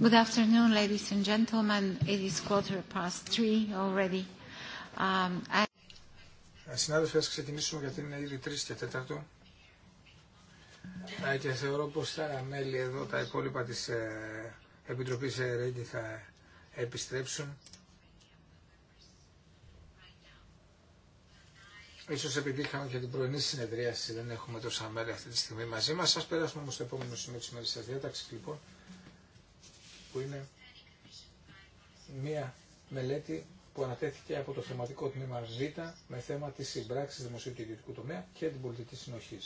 Good afternoon, ladies and gentlemen. It is quarter past three already. Um, ε, συνάδελφοι, ας ξεκινήσουμε γιατί είναι ήδη 3 και 4. Ε, και θεωρώ πως τα μέλη εδώ, τα υπόλοιπα της ε, Επιτροπής ΕΡΕΚΙ θα επιστρέψουν. Ίσως επειδή είχαμε και την πρωινή συνεδρίαση, δεν έχουμε τόσα μέλη αυτή τη στιγμή μαζί μας. Ας περάσουμε όμως στο επόμενο σημείο της ημέρας διάταξης, λοιπόν που είναι μία μελέτη που ανατέθηκε από το θεματικό τμήμα Ζ με θέμα τη συμπράξη δημοσίου και ιδιωτικού τομέα και την πολιτική συνοχή.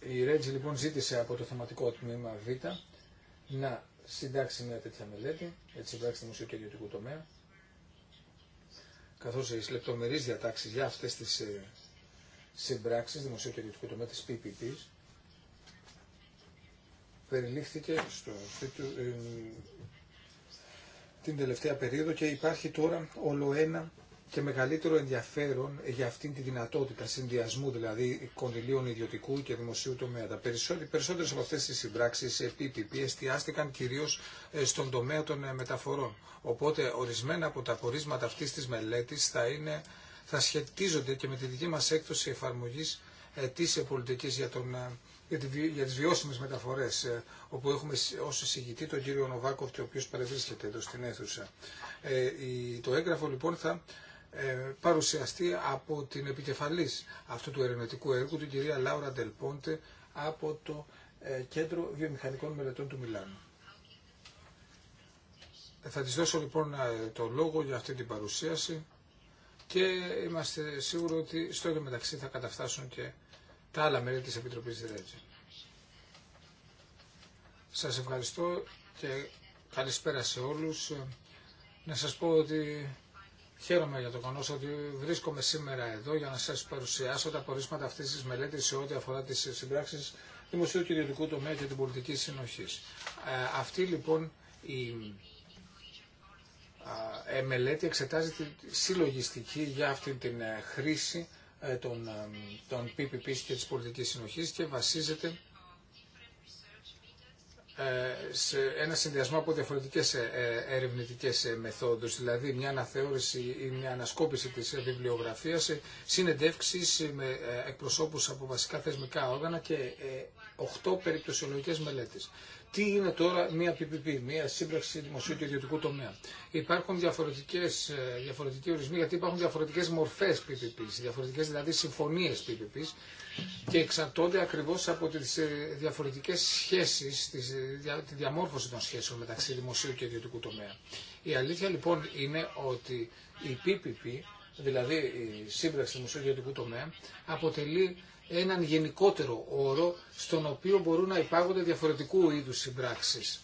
Η Ρέτζη λοιπόν ζήτησε από το θεματικό τμήμα Β να συντάξει μια τέτοια μελέτη για τη συμπράξη δημοσίου και ιδιωτικού τομέα καθώς οι λεπτομερείς διατάξεις για αυτές τις ε, συμπράξεις δημοσίου και ιδιωτικού τομέα της PPP περιλήφθηκε στο την τελευταία περίοδο και υπάρχει τώρα όλο ένα και μεγαλύτερο ενδιαφέρον για αυτήν τη δυνατότητα συνδυασμού δηλαδή κονδυλίων ιδιωτικού και δημοσίου τομέα. Τα περισσότερε από αυτέ τι συμπράξει ε, PPP εστιάστηκαν κυρίω ε, στον τομέα των ε, μεταφορών. Οπότε ορισμένα από τα πορίσματα αυτή τη μελέτη θα είναι θα σχετίζονται και με τη δική μας έκδοση εφαρμογής της πολιτικής για, τον, ε, για, τη, τις βιώσιμες μεταφορές, ε, όπου έχουμε ως εισηγητή τον κύριο Νοβάκοφ, ο οποίος παρευρίσκεται εδώ στην αίθουσα. Ε, το έγγραφο λοιπόν θα παρουσιαστεί από την επικεφαλής αυτού του ερευνητικού έργου, την κυρία Λάουρα Ντελπόντε, από το Κέντρο Βιομηχανικών Μελετών του Μιλάνου. Θα της δώσω λοιπόν το λόγο για αυτή την παρουσίαση και είμαστε σίγουροι ότι στο ίδιο μεταξύ θα καταφτάσουν και τα άλλα μέλη της Επιτροπής Ρέτζη. Σας ευχαριστώ και καλησπέρα σε όλους. Να σας πω ότι χαίρομαι για το γεγονό ότι βρίσκομαι σήμερα εδώ για να σας παρουσιάσω τα πορίσματα αυτής της μελέτης σε ό,τι αφορά τις συμπράξεις δημοσίου και ιδιωτικού τομέα και την πολιτική συνοχή. Ε, αυτή λοιπόν η ε, μελέτη εξετάζει τη συλλογιστική για αυτή την ε, χρήση ε, των, των PPP και της πολιτικής συνοχής και βασίζεται σε ένα συνδυασμό από διαφορετικές ερευνητικές μεθόδους, δηλαδή μια αναθεώρηση ή μια ανασκόπηση της βιβλιογραφίας, συνεντεύξεις με εκπροσώπους από βασικά θεσμικά όργανα και 8 περιπτωσιολογικές μελέτες τι είναι τώρα μια PPP, μια σύμπραξη δημοσίου και ιδιωτικού τομέα. Υπάρχουν διαφορετικές, ε, διαφορετικοί ορισμοί γιατί υπάρχουν διαφορετικές μορφές PPP, διαφορετικές δηλαδή συμφωνίες PPP και εξαρτώνται ακριβώς από τις ε, διαφορετικές σχέσεις, ε, τη διαμόρφωση των σχέσεων μεταξύ δημοσίου και ιδιωτικού τομέα. Η αλήθεια λοιπόν είναι ότι η PPP, δηλαδή η σύμπραξη δημοσίου και ιδιωτικού τομέα, αποτελεί έναν γενικότερο όρο στον οποίο μπορούν να υπάγονται διαφορετικού είδους συμπράξεις.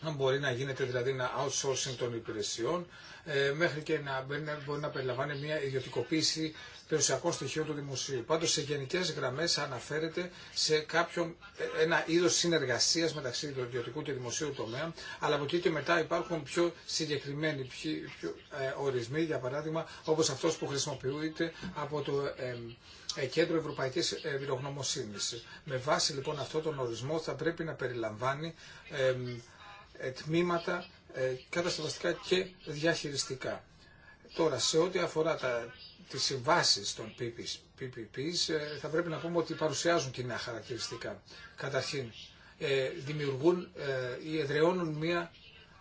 Αν μπορεί να γίνεται δηλαδή ένα outsourcing των υπηρεσιών, ε, μέχρι και να μπορεί να περιλαμβάνει μια ιδιωτικοποίηση περιουσιακό στοιχείο του δημοσίου. Πάντω σε γενικέ γραμμέ αναφέρεται σε κάποιο, ε, ένα είδο συνεργασία μεταξύ του ιδιωτικού και δημοσίου τομέα, αλλά από εκεί και μετά υπάρχουν πιο συγκεκριμένοι πιο, ε, ορισμοί, για παράδειγμα όπω αυτό που χρησιμοποιείται από το. Ε, Κέντρο Ευρωπαϊκής Ε, Με βάση λοιπόν αυτόν τον ορισμό θα πρέπει να περιλαμβάνει ε, τμήματα ε, κατασκευαστικά και διαχειριστικά. Τώρα, σε ό,τι αφορά τα, τις συμβάσεις των PPPs, ε, θα πρέπει να πούμε ότι παρουσιάζουν κοινά χαρακτηριστικά. Καταρχήν, ε, δημιουργούν ε, ή εδραιώνουν μία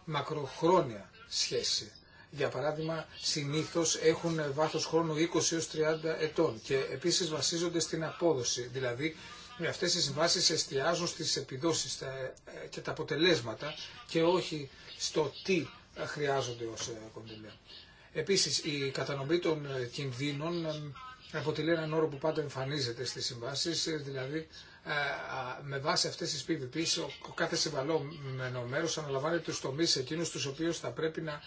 μακροχρόνια σχέση. Για παράδειγμα, συνήθως έχουν βάθος χρόνου 20 έως 30 ετών και επίσης βασίζονται στην απόδοση. Δηλαδή, με αυτές οι συμβάσεις εστιάζουν στις επιδόσεις και τα αποτελέσματα και όχι στο τι χρειάζονται ως κονδυλία. Επίσης, η κατανομή των ε, κινδύνων ε, αποτελεί έναν όρο που πάντα εμφανίζεται στις συμβάσεις, ε, δηλαδή με βάση αυτές τις PPP ο κάθε συμβαλόμενο μέρος αναλαμβάνει τους τομείς εκείνους τους οποίους θα πρέπει να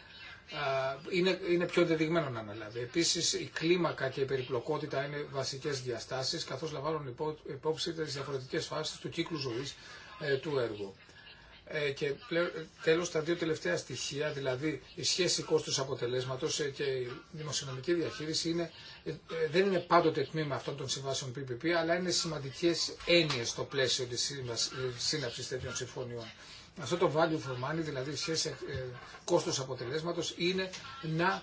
είναι, είναι πιο ενδεδειγμένο να αναλάβει. Επίσης, η κλίμακα και η περιπλοκότητα είναι βασικές διαστάσεις, καθώς λαμβάνουν υπόψη τι διαφορετικές φάσεις του κύκλου ζωή του έργου. Ε, και ε, τέλος τα δύο τελευταία στοιχεία, δηλαδή η σχέση κόστους αποτελέσματος ε, και η δημοσιονομική διαχείριση είναι, δεν είναι πάντοτε τμήμα αυτών των συμβάσεων PPP, αλλά είναι σημαντικές έννοιες στο πλαίσιο της σύναψης τέτοιων συμφωνιών. Αυτό το value for money, δηλαδή η σχέση κόστος αποτελέσματος, είναι να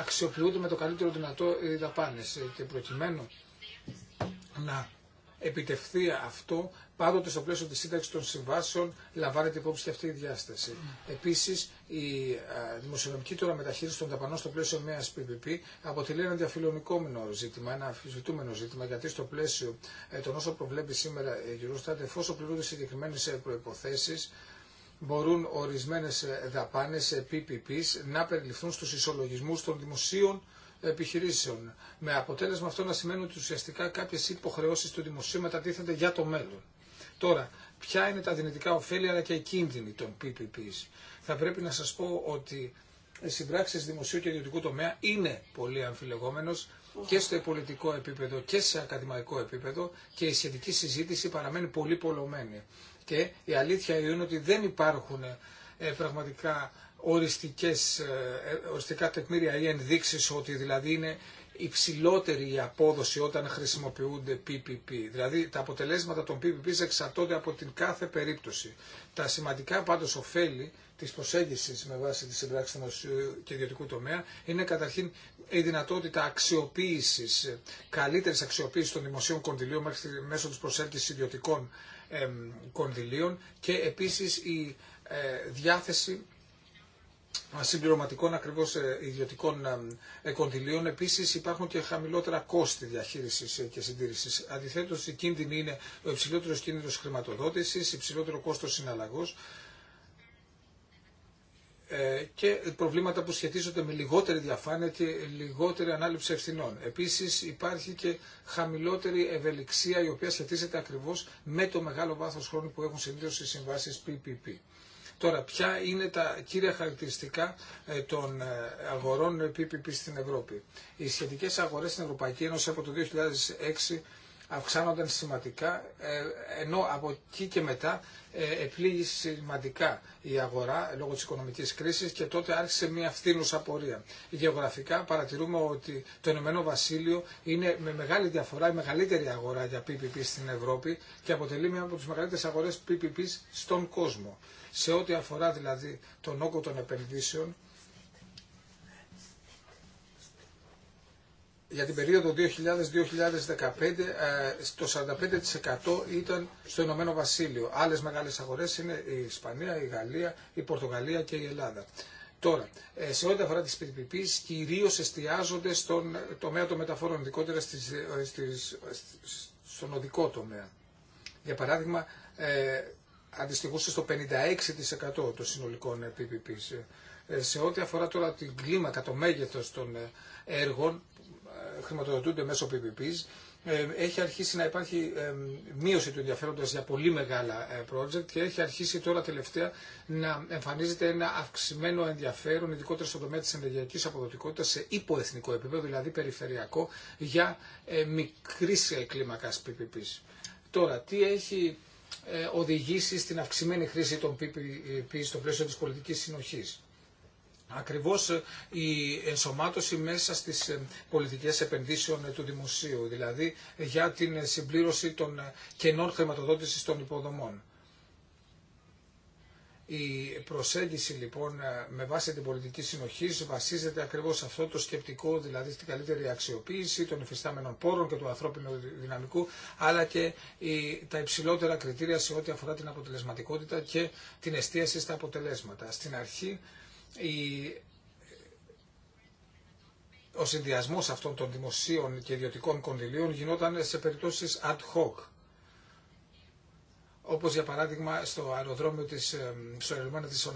αξιοποιούνται με το καλύτερο δυνατό οι δαπάνες. Και προκειμένου να επιτευχθεί αυτό, πάντοτε στο πλαίσιο της σύνταξης των συμβάσεων λαμβάνεται υπόψη και αυτή η διάσταση. Mm. Επίσης, η δημοσιονομική τώρα μεταχείριση των δαπανών στο πλαίσιο μια PPP αποτελεί ένα διαφιλονικόμενο ζήτημα, ένα αμφισβητούμενο ζήτημα, γιατί στο πλαίσιο ε, των όσων προβλέπει σήμερα η Eurostat, εφόσον πληρούνται συγκεκριμένε ε, προποθέσει μπορούν ορισμένες ε, δαπάνε PPP να περιληφθούν στου ισολογισμούς των δημοσίων επιχειρήσεων. Με αποτέλεσμα αυτό να σημαίνει ότι ουσιαστικά κάποιε υποχρεώσει του δημοσίου μετατίθενται για το μέλλον. Τώρα, ποια είναι τα δυνητικά ωφέλη αλλά και οι κίνδυνοι των PPPs. Θα πρέπει να σας πω ότι οι συμπράξεις δημοσίου και ιδιωτικού τομέα είναι πολύ αμφιλεγόμενος και στο πολιτικό επίπεδο και σε ακαδημαϊκό επίπεδο και η σχετική συζήτηση παραμένει πολύ πολλωμένη. Και η αλήθεια είναι ότι δεν υπάρχουν ε, πραγματικά οριστικές, ε, οριστικά τεκμήρια ή ενδείξεις ότι δηλαδή είναι υψηλότερη η απόδοση όταν χρησιμοποιούνται PPP. Δηλαδή τα αποτελέσματα των PPP εξαρτώνται από την κάθε περίπτωση. Τα σημαντικά πάντως ωφέλη της προσέγγισης με βάση τις συμπράξη του δημοσίου και ιδιωτικού τομέα είναι καταρχήν η δυνατότητα αξιοποίησης, καλύτερης αξιοποίησης των δημοσίων κονδυλίων μέσω της προσέγγισης ιδιωτικών κονδυλίων και επίσης η ε, διάθεση συμπληρωματικών ακριβώς ε, ιδιωτικών ε, ε, κονδυλίων. Επίσης υπάρχουν και χαμηλότερα κόστη διαχείρισης και συντήρησης. Αντιθέτως η κίνδυνη είναι ο υψηλότερος κίνδυνος χρηματοδότησης, υψηλότερο κόστος συναλλαγός και προβλήματα που σχετίζονται με λιγότερη διαφάνεια και λιγότερη ανάληψη ευθυνών. Επίσης υπάρχει και χαμηλότερη ευελιξία η οποία σχετίζεται ακριβώς με το μεγάλο βάθος χρόνου που έχουν συνήθως οι PPP. Τώρα, ποια είναι τα κύρια χαρακτηριστικά ε, των ε, αγορών PPP στην Ευρώπη. Οι σχετικές αγορές στην Ευρωπαϊκή Ένωση από το 2006 αυξάνονταν σημαντικά, ε, ενώ από εκεί και μετά επλήγει σημαντικά η αγορά λόγω της οικονομικής κρίσης και τότε άρχισε μια φθήνουσα πορεία. Γεωγραφικά παρατηρούμε ότι το Ηνωμένο Βασίλειο είναι με μεγάλη διαφορά η μεγαλύτερη αγορά για PPP στην Ευρώπη και αποτελεί μια από τις μεγαλύτερες αγορές PPP στον κόσμο σε ό,τι αφορά δηλαδή τον όγκο των επενδύσεων για την περίοδο 2000-2015 το 45% ήταν στο Ηνωμένο Βασίλειο. Άλλες μεγάλες αγορές είναι η Ισπανία, η Γαλλία, η Πορτογαλία και η Ελλάδα. Τώρα, ε, σε ό,τι αφορά τις PPPs, κυρίως εστιάζονται στον τομέα των μεταφορών, ειδικότερα στις, ε, στις, ε, στον οδικό τομέα. Για παράδειγμα, αντιστοιχούσε στο 56% των συνολικών PPP. Ε, σε ό,τι αφορά τώρα την κλίμακα, το μέγεθος των ε, έργων που ε, χρηματοδοτούνται μέσω PPPs, έχει αρχίσει να υπάρχει μείωση του ενδιαφέροντος για πολύ μεγάλα project και έχει αρχίσει τώρα τελευταία να εμφανίζεται ένα αυξημένο ενδιαφέρον, ειδικότερα στον τομέα της ενεργειακής αποδοτικότητας σε υποεθνικό επίπεδο, δηλαδή περιφερειακό, για μικρή κλίμακα PPPs. Τώρα, τι έχει ε, οδηγήσει στην αυξημένη χρήση των PPP στο πλαίσιο της πολιτικής συνοχής. Ακριβώς ε, η ενσωμάτωση μέσα στις ε, πολιτικές επενδύσεων του Δημοσίου, δηλαδή για την συμπλήρωση των κενών χρηματοδότησης των υποδομών. Η προσέγγιση λοιπόν ε, με βάση την πολιτική συνοχή βασίζεται ακριβώ σε αυτό το σκεπτικό, δηλαδή στην καλύτερη αξιοποίηση των υφιστάμενων πόρων και του ανθρώπινου δυναμικού, αλλά και τα υψηλότερα κριτήρια σε ό,τι αφορά την αποτελεσματικότητα και την εστίαση στα αποτελέσματα. Στην αρχή ο συνδυασμό αυτών των δημοσίων και ιδιωτικών κονδυλίων γινόταν σε περιπτώσει ad hoc όπως για παράδειγμα στο αεροδρόμιο της, ε, στο αεροδρόμιο της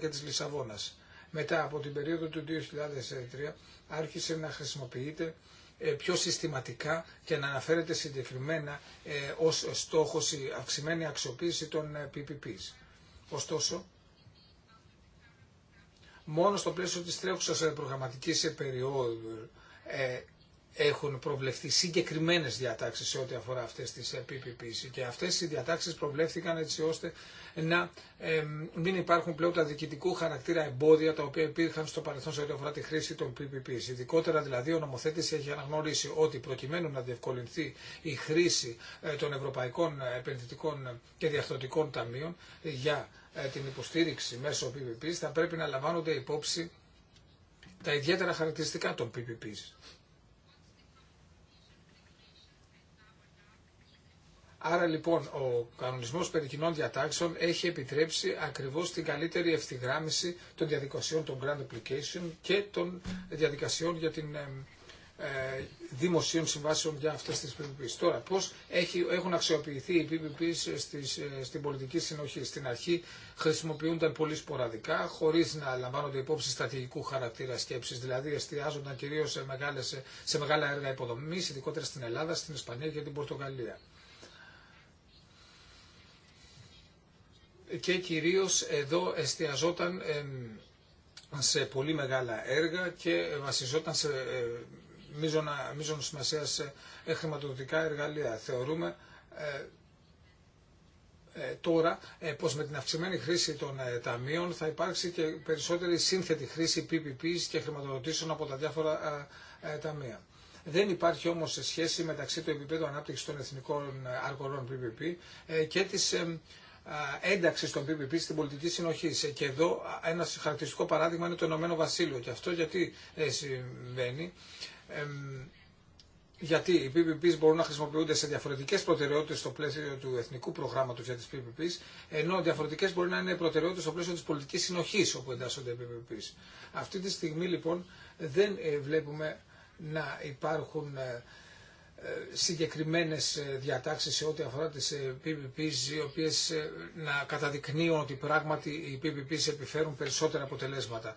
και της Λισαβόνας. Μετά από την περίοδο του 2003 άρχισε να χρησιμοποιείται ε, πιο συστηματικά και να αναφέρεται συγκεκριμένα ε, ως στόχος η αυξημένη αξιοποίηση των PPPs. Ωστόσο, μόνο στο πλαίσιο της τρέχουσας προγραμματικής περίοδου έχουν προβλεφθεί συγκεκριμένε διατάξει σε ό,τι αφορά αυτέ τι PPPs. Και αυτέ οι διατάξει προβλέφθηκαν έτσι ώστε να ε, μην υπάρχουν πλέον τα διοικητικού χαρακτήρα εμπόδια τα οποία υπήρχαν στο παρελθόν σε ό,τι αφορά τη χρήση των PPPs. Ειδικότερα δηλαδή ο νομοθέτη έχει αναγνωρίσει ότι προκειμένου να διευκολυνθεί η χρήση ε, των ευρωπαϊκών επενδυτικών και διαρθρωτικών ταμείων για ε, την υποστήριξη μέσω PPPs θα πρέπει να λαμβάνονται υπόψη τα ιδιαίτερα χαρακτηριστικά των PPPs. Άρα λοιπόν ο κανονισμό περί κοινών διατάξεων έχει επιτρέψει ακριβώ την καλύτερη ευθυγράμμιση των διαδικασιών των Grand Application και των διαδικασιών για την ε, δημοσίων συμβάσεων για αυτέ τι PPPs. Τώρα, πώ έχουν αξιοποιηθεί οι PPPs στις, ε, στην πολιτική συνοχή. Στην αρχή χρησιμοποιούνταν πολύ σποραδικά, χωρί να λαμβάνονται υπόψη στρατηγικού χαρακτήρα σκέψη, δηλαδή εστιάζονταν κυρίω σε, σε μεγάλα έργα υποδομή, ειδικότερα στην Ελλάδα, στην Ισπανία και την Πορτογαλία. και κυρίως εδώ εστιαζόταν σε πολύ μεγάλα έργα και βασιζόταν σε ε, μείζων σημασία σε ε, χρηματοδοτικά εργαλεία. Θεωρούμε ε, τώρα πως με την αυξημένη χρήση των ταμείων θα υπάρξει και περισσότερη σύνθετη χρήση PPP και χρηματοδοτήσεων από τα διάφορα ταμεία. Δεν υπάρχει όμως σχέση μεταξύ του επίπεδου ανάπτυξης των εθνικών αργολών PPP και της ένταξη των PPP στην πολιτική συνοχή. Και εδώ ένα χαρακτηριστικό παράδειγμα είναι το Ηνωμένο Βασίλειο. Και αυτό γιατί ε, συμβαίνει. Γιατί οι PPP μπορούν να χρησιμοποιούνται σε διαφορετικέ προτεραιότητε στο πλαίσιο του εθνικού προγράμματο για τι PPP, ενώ διαφορετικέ μπορεί να είναι προτεραιότητε στο πλαίσιο τη πολιτική συνοχή όπου εντάσσονται οι PPP. Αυτή τη στιγμή λοιπόν δεν ε, βλέπουμε να υπάρχουν ε, συγκεκριμένες ε, διατάξεις σε ό,τι αφορά τις ε, PPPs οι οποίες ε, να καταδεικνύουν ότι πράγματι οι PPPs επιφέρουν περισσότερα αποτελέσματα.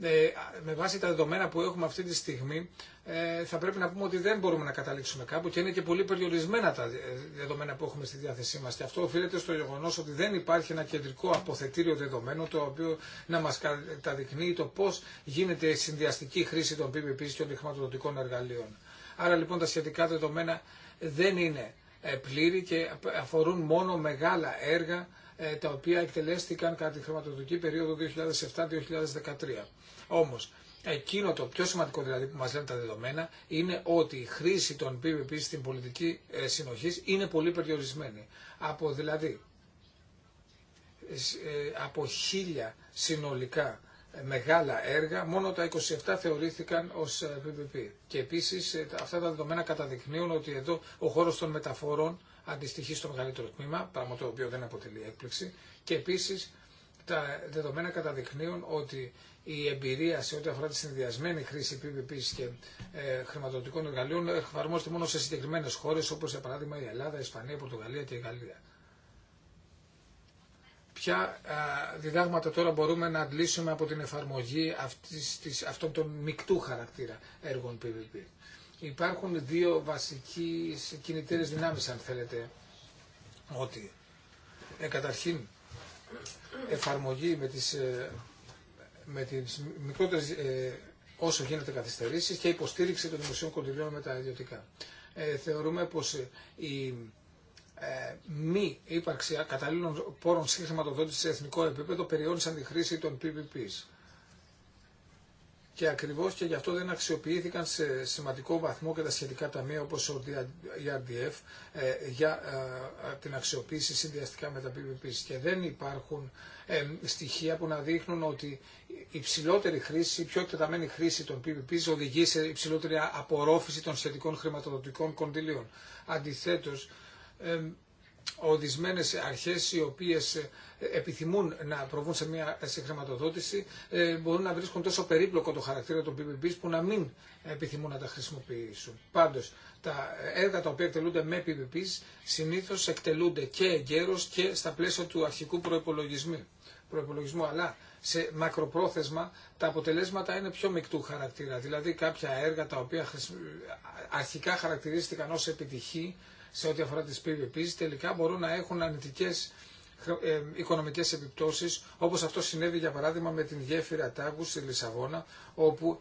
Ε, με βάση τα δεδομένα που έχουμε αυτή τη στιγμή ε, θα πρέπει να πούμε ότι δεν μπορούμε να καταλήξουμε κάπου και είναι και πολύ περιορισμένα τα δεδομένα που έχουμε στη διάθεσή μας και αυτό οφείλεται στο γεγονός ότι δεν υπάρχει ένα κεντρικό αποθετήριο δεδομένο το οποίο να μας καταδεικνύει το πώς γίνεται η συνδυαστική χρήση των PPPs και των χρηματοδοτικών εργαλείων. Άρα λοιπόν τα σχετικά δεδομένα δεν είναι ε, πλήρη και αφορούν μόνο μεγάλα έργα ε, τα οποία εκτελέστηκαν κατά τη χρηματοδοτική περίοδο 2007-2013. Όμως, εκείνο το πιο σημαντικό δηλαδή που μας λένε τα δεδομένα είναι ότι η χρήση των PPP στην πολιτική ε, συνοχή είναι πολύ περιορισμένη. Από δηλαδή από χίλια συνολικά μεγάλα έργα, μόνο τα 27 θεωρήθηκαν ως PPP. Ε, και επίσης ε, αυτά τα δεδομένα καταδεικνύουν ότι εδώ ο χώρος των μεταφορών αντιστοιχεί στο μεγαλύτερο τμήμα, πράγμα το οποίο δεν αποτελεί έκπληξη. Και επίσης τα δεδομένα καταδεικνύουν ότι η εμπειρία σε ό,τι αφορά τη συνδυασμένη χρήση PPP και ε, χρηματοδοτικών εργαλείων εφαρμόζεται μόνο σε συγκεκριμένες χώρες όπως για παράδειγμα η Ελλάδα, η Ισπανία, η Πορτογαλία και η Γαλλία ποια ε, διδάγματα τώρα μπορούμε να αντλήσουμε από την εφαρμογή αυτής της, αυτών των μεικτού χαρακτήρα έργων PVP. Υπάρχουν δύο βασικοί κινητήρες δυνάμεις, αν θέλετε, ότι ε, καταρχήν εφαρμογή με τις, ε, με τις μικρότερες ε, όσο γίνεται καθυστερήσεις και υποστήριξη των δημοσίων κοντιλίων με τα ιδιωτικά. θεωρούμε πως η ε, μη ύπαρξη καταλλήλων πόρων χρηματοδότηση σε εθνικό επίπεδο περιόρισαν τη χρήση των PPPs. Και ακριβώς και γι' αυτό δεν αξιοποιήθηκαν σε σημαντικό βαθμό και τα σχετικά ταμεία όπως ο ERDF ε, για ε, την αξιοποίηση συνδυαστικά με τα PPPs. Και δεν υπάρχουν στοιχεία που να δείχνουν ότι η ψηλότερη χρήση, η πιο εκτεταμένη χρήση των PPPs οδηγεί σε υψηλότερη απορρόφηση των σχετικών χρηματοδοτικών κονδυλίων. Αντιθέτως, ορισμένες αρχές οι οποίες ε, επιθυμούν να προβούν σε μια συγχρηματοδότηση ε, μπορούν να βρίσκουν τόσο περίπλοκο το χαρακτήρα των PPP που να μην επιθυμούν να τα χρησιμοποιήσουν. Πάντως, τα έργα τα οποία εκτελούνται με PPP συνήθως εκτελούνται και εγκαίρως και στα πλαίσια του αρχικού προϋπολογισμού. αλλά σε μακροπρόθεσμα τα αποτελέσματα είναι πιο μεικτού χαρακτήρα. Δηλαδή κάποια έργα τα οποία αρχικά χαρακτηρίστηκαν ως επιτυχή σε ό,τι αφορά τις PPPs τελικά μπορούν να έχουν αρνητικές ε, οικονομικές επιπτώσεις όπως αυτό συνέβη για παράδειγμα με την γέφυρα Τάγκου στη Λισαβόνα όπου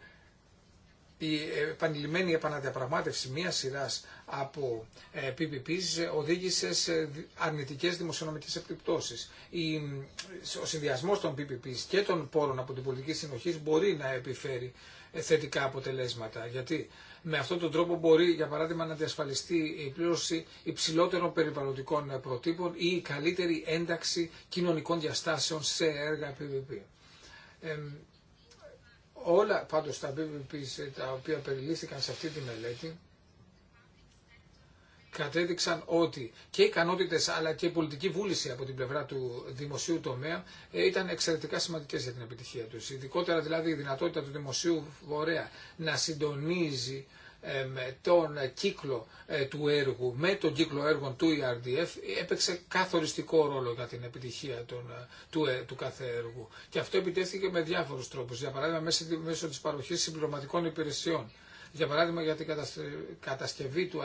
η επανειλημμένη επαναδιαπραγμάτευση μία σειρά από ε, PPPs οδήγησε σε αρνητικέ δημοσιονομικέ επιπτώσει. Ο συνδυασμό των PPPs και των πόρων από την πολιτική συνοχή μπορεί να επιφέρει ε, θετικά αποτελέσματα. Γιατί με αυτόν τον τρόπο μπορεί, για παράδειγμα, να διασφαλιστεί η πλήρωση υψηλότερων περιβαλλοντικών προτύπων ή η καλύτερη ένταξη κοινωνικών διαστάσεων σε έργα PPP. όλα πάντως τα PPP ε, τα οποία περιλήφθηκαν σε αυτή τη μελέτη κατέδειξαν ότι και οι ικανότητε αλλά και η πολιτική βούληση από την πλευρά του δημοσίου τομέα ε, ήταν εξαιρετικά σημαντικέ για την επιτυχία του. Ειδικότερα δηλαδή η δυνατότητα του δημοσίου φορέα να συντονίζει τον κύκλο ε, του έργου με τον κύκλο έργων του ERDF έπαιξε καθοριστικό ρόλο για την επιτυχία των, ε, του, του κάθε έργου. Και αυτό επιτέθηκε με διάφορους τρόπους. Για παράδειγμα μέσω της παροχής συμπληρωματικών υπηρεσιών για παράδειγμα, για την κατασκευή του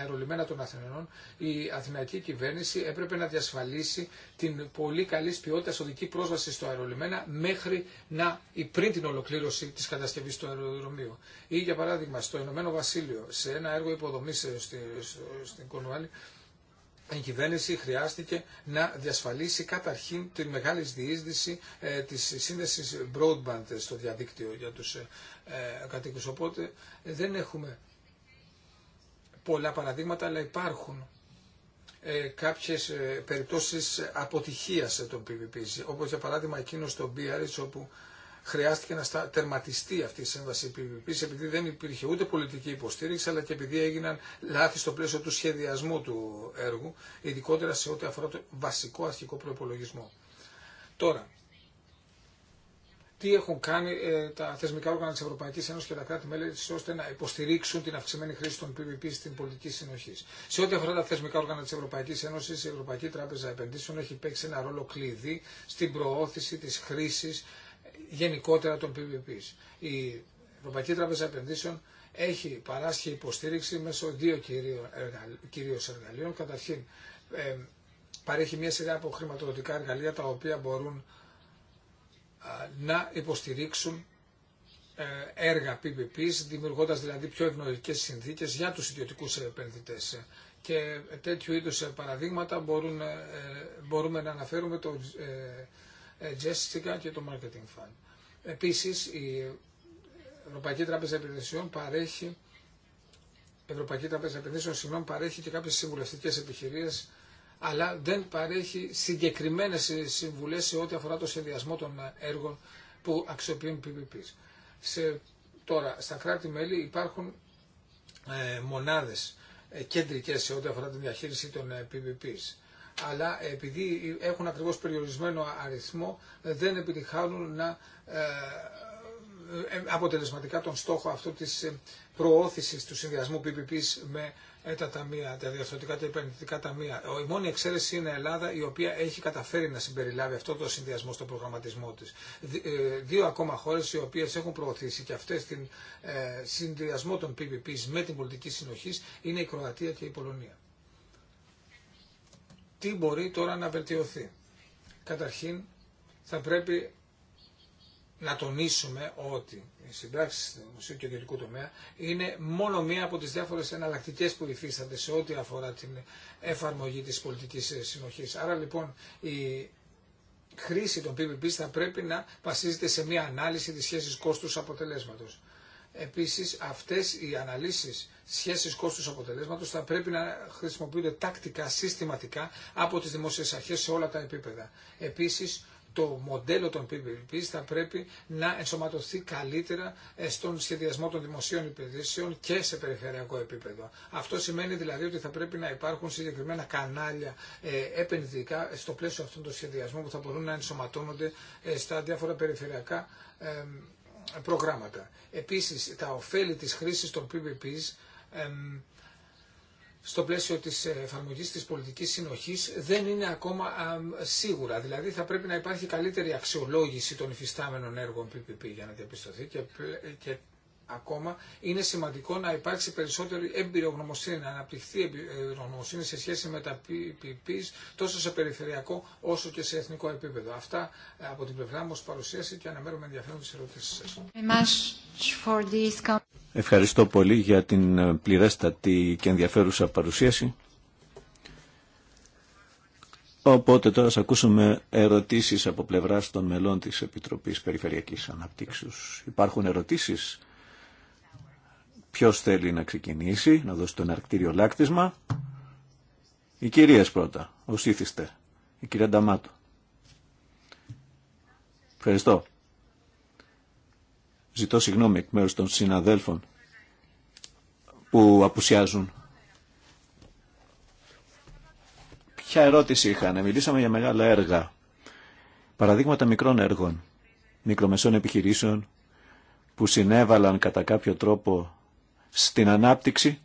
αερολιμένα των Αθηνών, η αθηναϊκή κυβέρνηση έπρεπε να διασφαλίσει την πολύ καλή ποιότητα οδική πρόσβαση στο αερολιμένα μέχρι να, ή πριν την ολοκλήρωση τη κατασκευή του αεροδρομίου. Ή για παράδειγμα, στο Ηνωμένο Βασίλειο, σε ένα έργο υποδομή ε, στην Κορνουάλη, η κυβέρνηση χρειάστηκε να διασφαλίσει καταρχήν τη μεγάλη διείσδυση ε, της σύνδεσης broadband στο διαδίκτυο για τους ε, ε κατοίκους. Οπότε ε, δεν έχουμε πολλά παραδείγματα, αλλά υπάρχουν ε, κάποιες ε, περιπτώσεις αποτυχίας των PPP, όπως για παράδειγμα εκείνο στο BRS όπου χρειάστηκε να τερματιστεί αυτή η σύμβαση PPP επειδή δεν υπήρχε ούτε πολιτική υποστήριξη αλλά και επειδή έγιναν λάθη στο πλαίσιο του σχεδιασμού του έργου, ειδικότερα σε ό,τι αφορά το βασικό αρχικό προπολογισμό. Τώρα, τι έχουν κάνει ε, τα θεσμικά όργανα τη Ευρωπαϊκή Ένωση και τα κράτη-μέλη ώστε να υποστηρίξουν την αυξημένη χρήση των PPP στην πολιτική συνοχή. Σε ό,τι αφορά τα θεσμικά όργανα τη Ευρωπαϊκή Ένωση, η Ευρωπαϊκή Τράπεζα Επενδύσεων έχει παίξει ένα ρόλο κλειδί στην προώθηση τη χρήση γενικότερα των PPPs. Η Ευρωπαϊκή Τράπεζα Επενδύσεων έχει παράσχει υποστήριξη μέσω δύο κυρίω εργαλείων. Καταρχήν, παρέχει μια σειρά από χρηματοδοτικά εργαλεία τα οποία μπορούν να υποστηρίξουν ε, έργα PPPs, δημιουργώντας δηλαδή πιο ευνοϊκές συνθήκες για τους ιδιωτικούς επενδυτές. Και τέτοιου είδους παραδείγματα μπορούν, ε, μπορούμε να αναφέρουμε το ε, Jessica και το Marketing Fund. Επίσης, η Ευρωπαϊκή Τράπεζα Επενδύσεων παρέχει Ευρωπαϊκή Τράπεζα Επενδύσεων παρέχει και κάποιες συμβουλευτικές επιχειρήσεις αλλά δεν παρέχει συγκεκριμένες συμβουλές σε ό,τι αφορά το σχεδιασμό των έργων που αξιοποιούν PPPs. Σε, τώρα, στα κράτη-μέλη υπάρχουν ε, μονάδες ε, κεντρικές σε ό,τι αφορά τη διαχείριση των ε, PPPs αλλά επειδή έχουν ακριβώς περιορισμένο αριθμό δεν επιτυχάνουν να ε, ε, αποτελεσματικά τον στόχο αυτό της ε, προώθησης του συνδυασμού PPP με τα ταμεία, τα διαρθρωτικά και επενδυτικά ταμεία. Η μόνη εξαίρεση είναι η Ελλάδα η οποία έχει καταφέρει να συμπεριλάβει αυτό το συνδυασμό στο προγραμματισμό της. Δύο ακόμα χώρες οι οποίες έχουν προωθήσει και αυτές την συνδυασμό των PPP με την πολιτική συνοχής είναι η Κροατία και η Πολωνία τι μπορεί τώρα να βελτιωθεί. Καταρχήν θα πρέπει να τονίσουμε ότι η συμπράξη του δημοσίου και ιδιωτικού τομέα είναι μόνο μία από τις διάφορες εναλλακτικέ που υφίστανται σε ό,τι αφορά την εφαρμογή της πολιτικής συνοχής. Άρα λοιπόν η χρήση των PPP θα πρέπει να βασίζεται σε μία ανάλυση της σχέσης κόστους αποτελέσματος. Επίσης αυτές οι αναλύσεις σχέσεις κόστου αποτελέσματο θα πρέπει να χρησιμοποιούνται τακτικά, συστηματικά από τι δημόσιες αρχές σε όλα τα επίπεδα. Επίση, το μοντέλο των PPP θα πρέπει να ενσωματωθεί καλύτερα ε, στον σχεδιασμό των δημοσίων υπηρεσιών και σε περιφερειακό επίπεδο. Αυτό σημαίνει δηλαδή ότι θα πρέπει να υπάρχουν συγκεκριμένα κανάλια ε, επενδυτικά ε, στο πλαίσιο αυτών των σχεδιασμών που θα μπορούν να ενσωματώνονται στα διάφορα περιφερειακά προγράμματα. Επίσης, τα ωφέλη της χρήσης των PPPs στο πλαίσιο της εφαρμογής της πολιτικής συνοχής δεν είναι ακόμα σίγουρα. Δηλαδή θα πρέπει να υπάρχει καλύτερη αξιολόγηση των υφιστάμενων έργων PPP για να διαπιστωθεί και, ακόμα είναι σημαντικό να υπάρξει περισσότερη εμπειρογνωμοσύνη, να αναπτυχθεί εμπειρογνωμοσύνη σε σχέση με τα PPP τόσο σε περιφερειακό όσο και σε εθνικό επίπεδο. Αυτά ε, από την πλευρά μου παρουσίαση και αναμένουμε ενδιαφέρον τις ερωτήσεις σας. Ευχαριστώ πολύ για την ε, πληρέστατη και ενδιαφέρουσα παρουσίαση. Οπότε τώρα θα ακούσουμε ερωτήσεις από πλευράς των μελών της Επιτροπής Περιφερειακής Αναπτύξεως. Υπάρχουν ερωτήσεις. Ποιος θέλει να ξεκινήσει, να δώσει το εναρκτήριο λάκτισμα. Οι κυρίες πρώτα, ως ήθιστε. Η κυρία Νταμάτου. Ευχαριστώ. Ζητώ συγγνώμη εκ μέρους των συναδέλφων που απουσιάζουν. Ποια ερώτηση είχανε. Μιλήσαμε για μεγάλα έργα. Παραδείγματα μικρών έργων, μικρομεσών επιχειρήσεων που συνέβαλαν κατά κάποιο τρόπο στην ανάπτυξη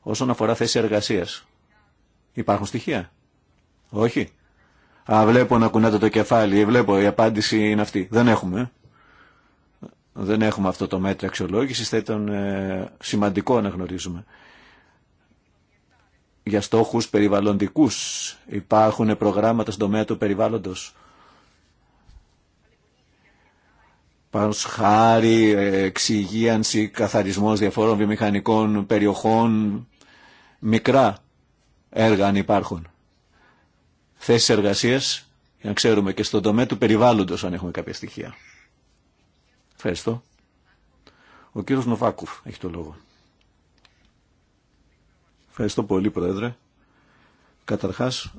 όσον αφορά θέση εργασίας. Υπάρχουν στοιχεία. Όχι. Α, βλέπω να κουνάτε το κεφάλι. Ε, βλέπω η απάντηση είναι αυτή. Δεν έχουμε. Ε δεν έχουμε αυτό το μέτρο αξιολόγηση, θα ήταν ε, σημαντικό να γνωρίζουμε. Για στόχους περιβαλλοντικούς υπάρχουν προγράμματα στον τομέα του περιβάλλοντος. Πάνω χάρη, ε, εξυγίανση, καθαρισμός διαφόρων βιομηχανικών περιοχών, μικρά έργα αν υπάρχουν. Θέσεις εργασίας, για να ξέρουμε και στον τομέα του περιβάλλοντος αν έχουμε κάποια στοιχεία. Ευχαριστώ. Ο κύριος Νοβάκουφ έχει το λόγο. Ευχαριστώ πολύ, Πρόεδρε. Καταρχάς,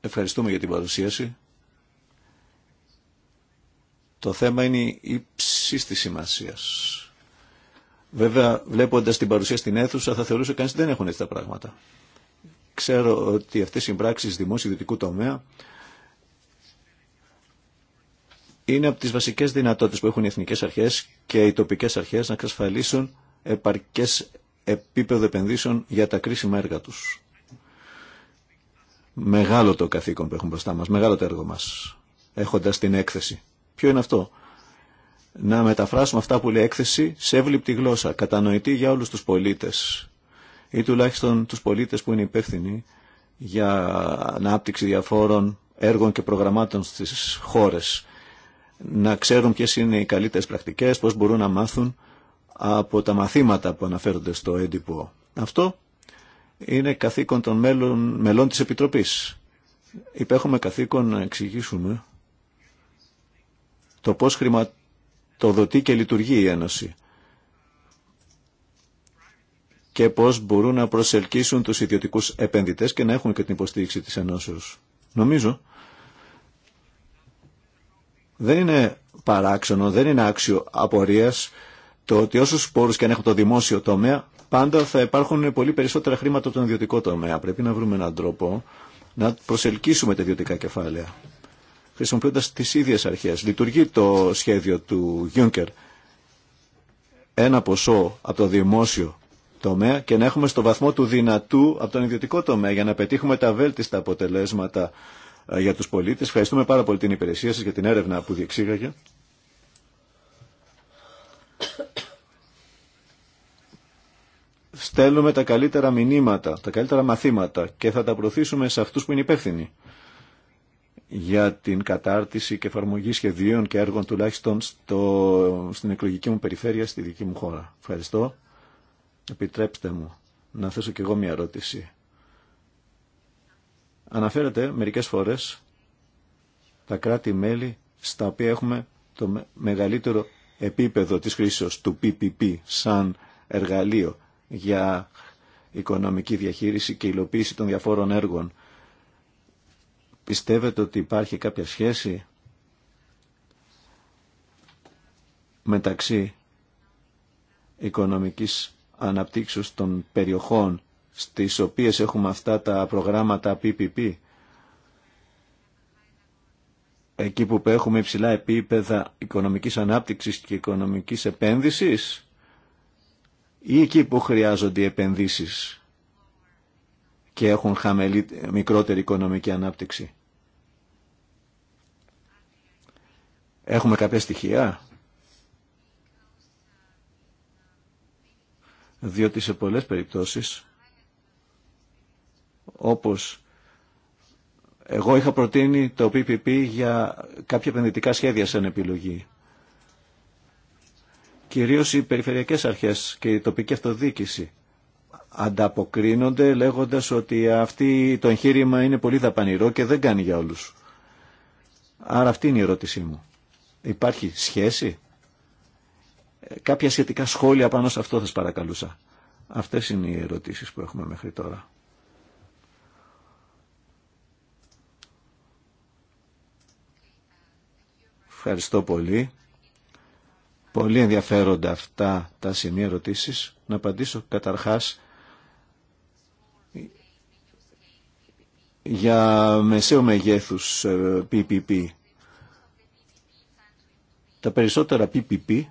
ευχαριστούμε για την παρουσίαση. Το θέμα είναι ύψη τη σημασία. Βέβαια, βλέποντα την παρουσία στην αίθουσα, θα θεωρούσε κανείς ότι δεν έχουν έτσι τα πράγματα. Ξέρω ότι αυτέ οι πράξει δημόσιο ιδιωτικού τομέα είναι από τις βασικές δυνατότητες που έχουν οι εθνικές αρχές και οι τοπικές αρχές να εξασφαλίσουν επαρκές επίπεδο επενδύσεων για τα κρίσιμα έργα τους. Μεγάλο το καθήκον που έχουν μπροστά μας, μεγάλο το έργο μας, έχοντας την έκθεση. Ποιο είναι αυτό? Να μεταφράσουμε αυτά που λέει έκθεση σε εύληπτη γλώσσα, κατανοητή για όλους τους πολίτες ή τουλάχιστον τους πολίτες που είναι υπεύθυνοι για ανάπτυξη διαφόρων έργων και προγραμμάτων στις χώρες να ξέρουν ποιες είναι οι καλύτερες πρακτικές, πώς μπορούν να μάθουν από τα μαθήματα που αναφέρονται στο έντυπο. Αυτό είναι καθήκον των μέλων, μελών της Επιτροπής. Υπέχουμε καθήκον να εξηγήσουμε το πώς χρηματοδοτεί και λειτουργεί η Ένωση και πώς μπορούν να προσελκύσουν τους ιδιωτικούς επενδυτές και να έχουν και την υποστήριξη της Ενώσεως. Νομίζω δεν είναι παράξενο, δεν είναι άξιο απορίας το ότι όσους πόρους και αν έχουν το δημόσιο τομέα, πάντα θα υπάρχουν πολύ περισσότερα χρήματα από τον ιδιωτικό τομέα. Πρέπει να βρούμε έναν τρόπο να προσελκύσουμε τα ιδιωτικά κεφάλαια, χρησιμοποιώντας τις ίδιες αρχές. Λειτουργεί το σχέδιο του Juncker ένα ποσό από το δημόσιο τομέα και να έχουμε στο βαθμό του δυνατού από τον ιδιωτικό τομέα για να πετύχουμε τα βέλτιστα αποτελέσματα ε, για τους πολίτες. Ευχαριστούμε πάρα πολύ την υπηρεσία σας για την έρευνα που διεξήγαγε. Στέλνουμε τα καλύτερα μηνύματα, τα καλύτερα μαθήματα και θα τα προωθήσουμε σε αυτούς που είναι υπεύθυνοι για την κατάρτιση και εφαρμογή σχεδίων και έργων τουλάχιστον στο, στην εκλογική μου περιφέρεια, στη δική μου χώρα. Ευχαριστώ. Επιτρέψτε μου να θέσω κι εγώ μια ερώτηση. Αναφέρεται μερικές φορές τα κράτη-μέλη στα οποία έχουμε το μεγαλύτερο επίπεδο της χρήσης του PPP σαν εργαλείο για οικονομική διαχείριση και υλοποίηση των διαφόρων έργων. Πιστεύετε ότι υπάρχει κάποια σχέση μεταξύ οικονομικής αναπτύξεως των περιοχών στις οποίες έχουμε αυτά τα προγράμματα PPP, εκεί που έχουμε υψηλά επίπεδα οικονομικής ανάπτυξης και οικονομικής επένδυσης ή εκεί που χρειάζονται οι επενδύσεις και έχουν χαμελή, μικρότερη οικονομική ανάπτυξη. Έχουμε κάποια στοιχεία. Διότι σε πολλές περιπτώσεις όπως εγώ είχα προτείνει το PPP για κάποια επενδυτικά σχέδια σαν επιλογή. Κυρίως οι περιφερειακές αρχές και η τοπική αυτοδιοίκηση ανταποκρίνονται λέγοντας ότι αυτή το εγχείρημα είναι πολύ δαπανηρό και δεν κάνει για όλους. Άρα αυτή είναι η ερώτησή μου. Υπάρχει σχέση. Κάποια σχετικά σχόλια πάνω σε αυτό θα σας παρακαλούσα. Αυτές είναι οι ερωτήσεις που έχουμε μέχρι τώρα. Ευχαριστώ πολύ. Πολύ ενδιαφέροντα αυτά τα σημεία ερωτήσει Να απαντήσω καταρχάς για μεσαίου μεγέθους PPP. Ε, τα περισσότερα PPP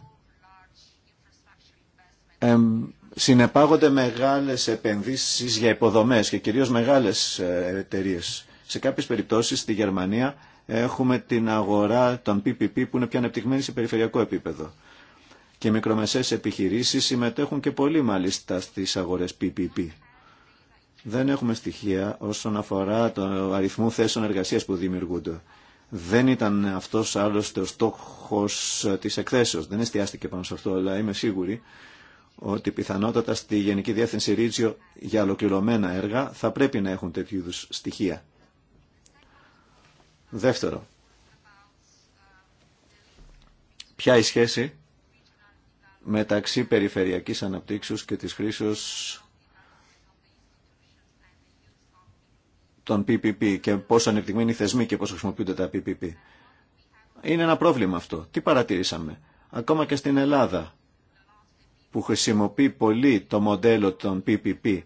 συνεπάγονται μεγάλες επενδύσεις για υποδομές και κυρίως μεγάλες ε, εταιρείε. Σε κάποιες περιπτώσεις στη Γερμανία έχουμε την αγορά των PPP που είναι πια ανεπτυγμένη σε περιφερειακό επίπεδο. Και οι μικρομεσαίες επιχειρήσεις συμμετέχουν και πολύ μάλιστα στις αγορές PPP. Δεν έχουμε στοιχεία όσον αφορά το αριθμό θέσεων εργασίας που δημιουργούνται. Δεν ήταν αυτός άλλωστε ο στόχος της εκθέσεως. Δεν εστιάστηκε πάνω σε αυτό, αλλά είμαι σίγουρη ότι πιθανότατα στη Γενική Διεύθυνση Ρίτζιο για ολοκληρωμένα έργα θα πρέπει να έχουν τέτοιου είδου στοιχεία. Δεύτερο, ποια η σχέση μεταξύ περιφερειακής αναπτύξεως και της χρήσεως των PPP και πόσο ανεπτυγμένοι θεσμοί και πόσο χρησιμοποιούνται τα PPP. Είναι ένα πρόβλημα αυτό. Τι παρατηρήσαμε. Ακόμα και στην Ελλάδα που χρησιμοποιεί πολύ το μοντέλο των PPP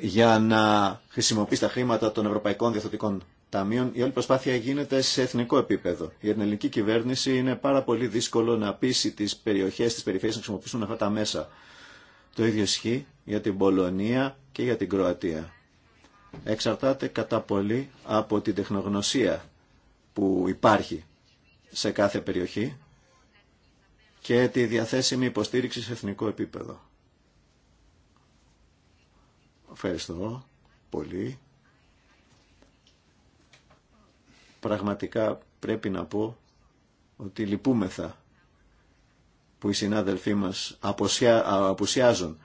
για να χρησιμοποιεί τα χρήματα των Ευρωπαϊκών διαθετικών ταμείων, η όλη προσπάθεια γίνεται σε εθνικό επίπεδο. Η ελληνική κυβέρνηση είναι πάρα πολύ δύσκολο να πείσει τι περιοχέ, τι περιφέρειε να χρησιμοποιήσουν αυτά τα μέσα. Το ίδιο ισχύει για την Πολωνία και για την Κροατία. Εξαρτάται κατά πολύ από την τεχνογνωσία που υπάρχει σε κάθε περιοχή και τη διαθέσιμη υποστήριξη σε εθνικό επίπεδο. Ευχαριστώ πολύ. πραγματικά πρέπει να πω ότι λυπούμεθα που οι συνάδελφοί μας απουσιάζουν,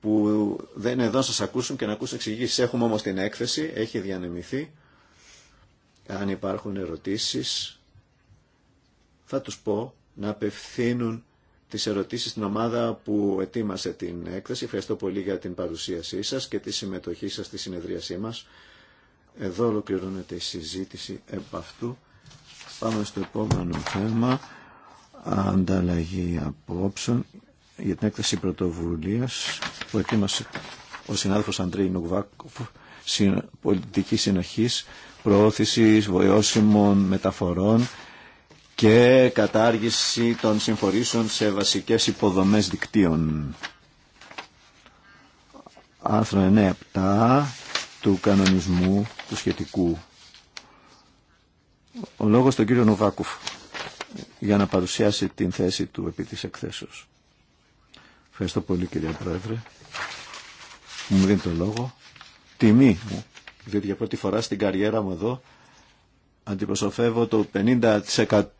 που δεν είναι εδώ να σας ακούσουν και να ακούσουν εξηγήσεις. Έχουμε όμως την έκθεση, έχει διανεμηθεί. Αν υπάρχουν ερωτήσεις, θα τους πω να απευθύνουν τις ερωτήσεις στην ομάδα που ετοίμασε την έκθεση. Ευχαριστώ πολύ για την παρουσίασή σας και τη συμμετοχή σας στη συνεδρίασή μας. Εδώ ολοκληρώνεται η συζήτηση επ' αυτού. Πάμε στο επόμενο θέμα. Ανταλλαγή απόψεων για την έκθεση πρωτοβουλίας που ετοίμασε ο συνάδελφος Αντρέη Νουβάκοφ πολιτική συνοχής προώθησης βοηώσιμων μεταφορών και κατάργηση των συμφορήσεων σε βασικές υποδομές δικτύων. Άρθρο 9.7 του κανονισμού του σχετικού. Ο λόγος στον κύριο Νοβάκουφ για να παρουσιάσει την θέση του επί της εκθέσεως. Ευχαριστώ πολύ κύριε Πρόεδρε μου δίνει το λόγο. Τιμή μου, διότι για πρώτη φορά στην καριέρα μου εδώ αντιπροσωπεύω το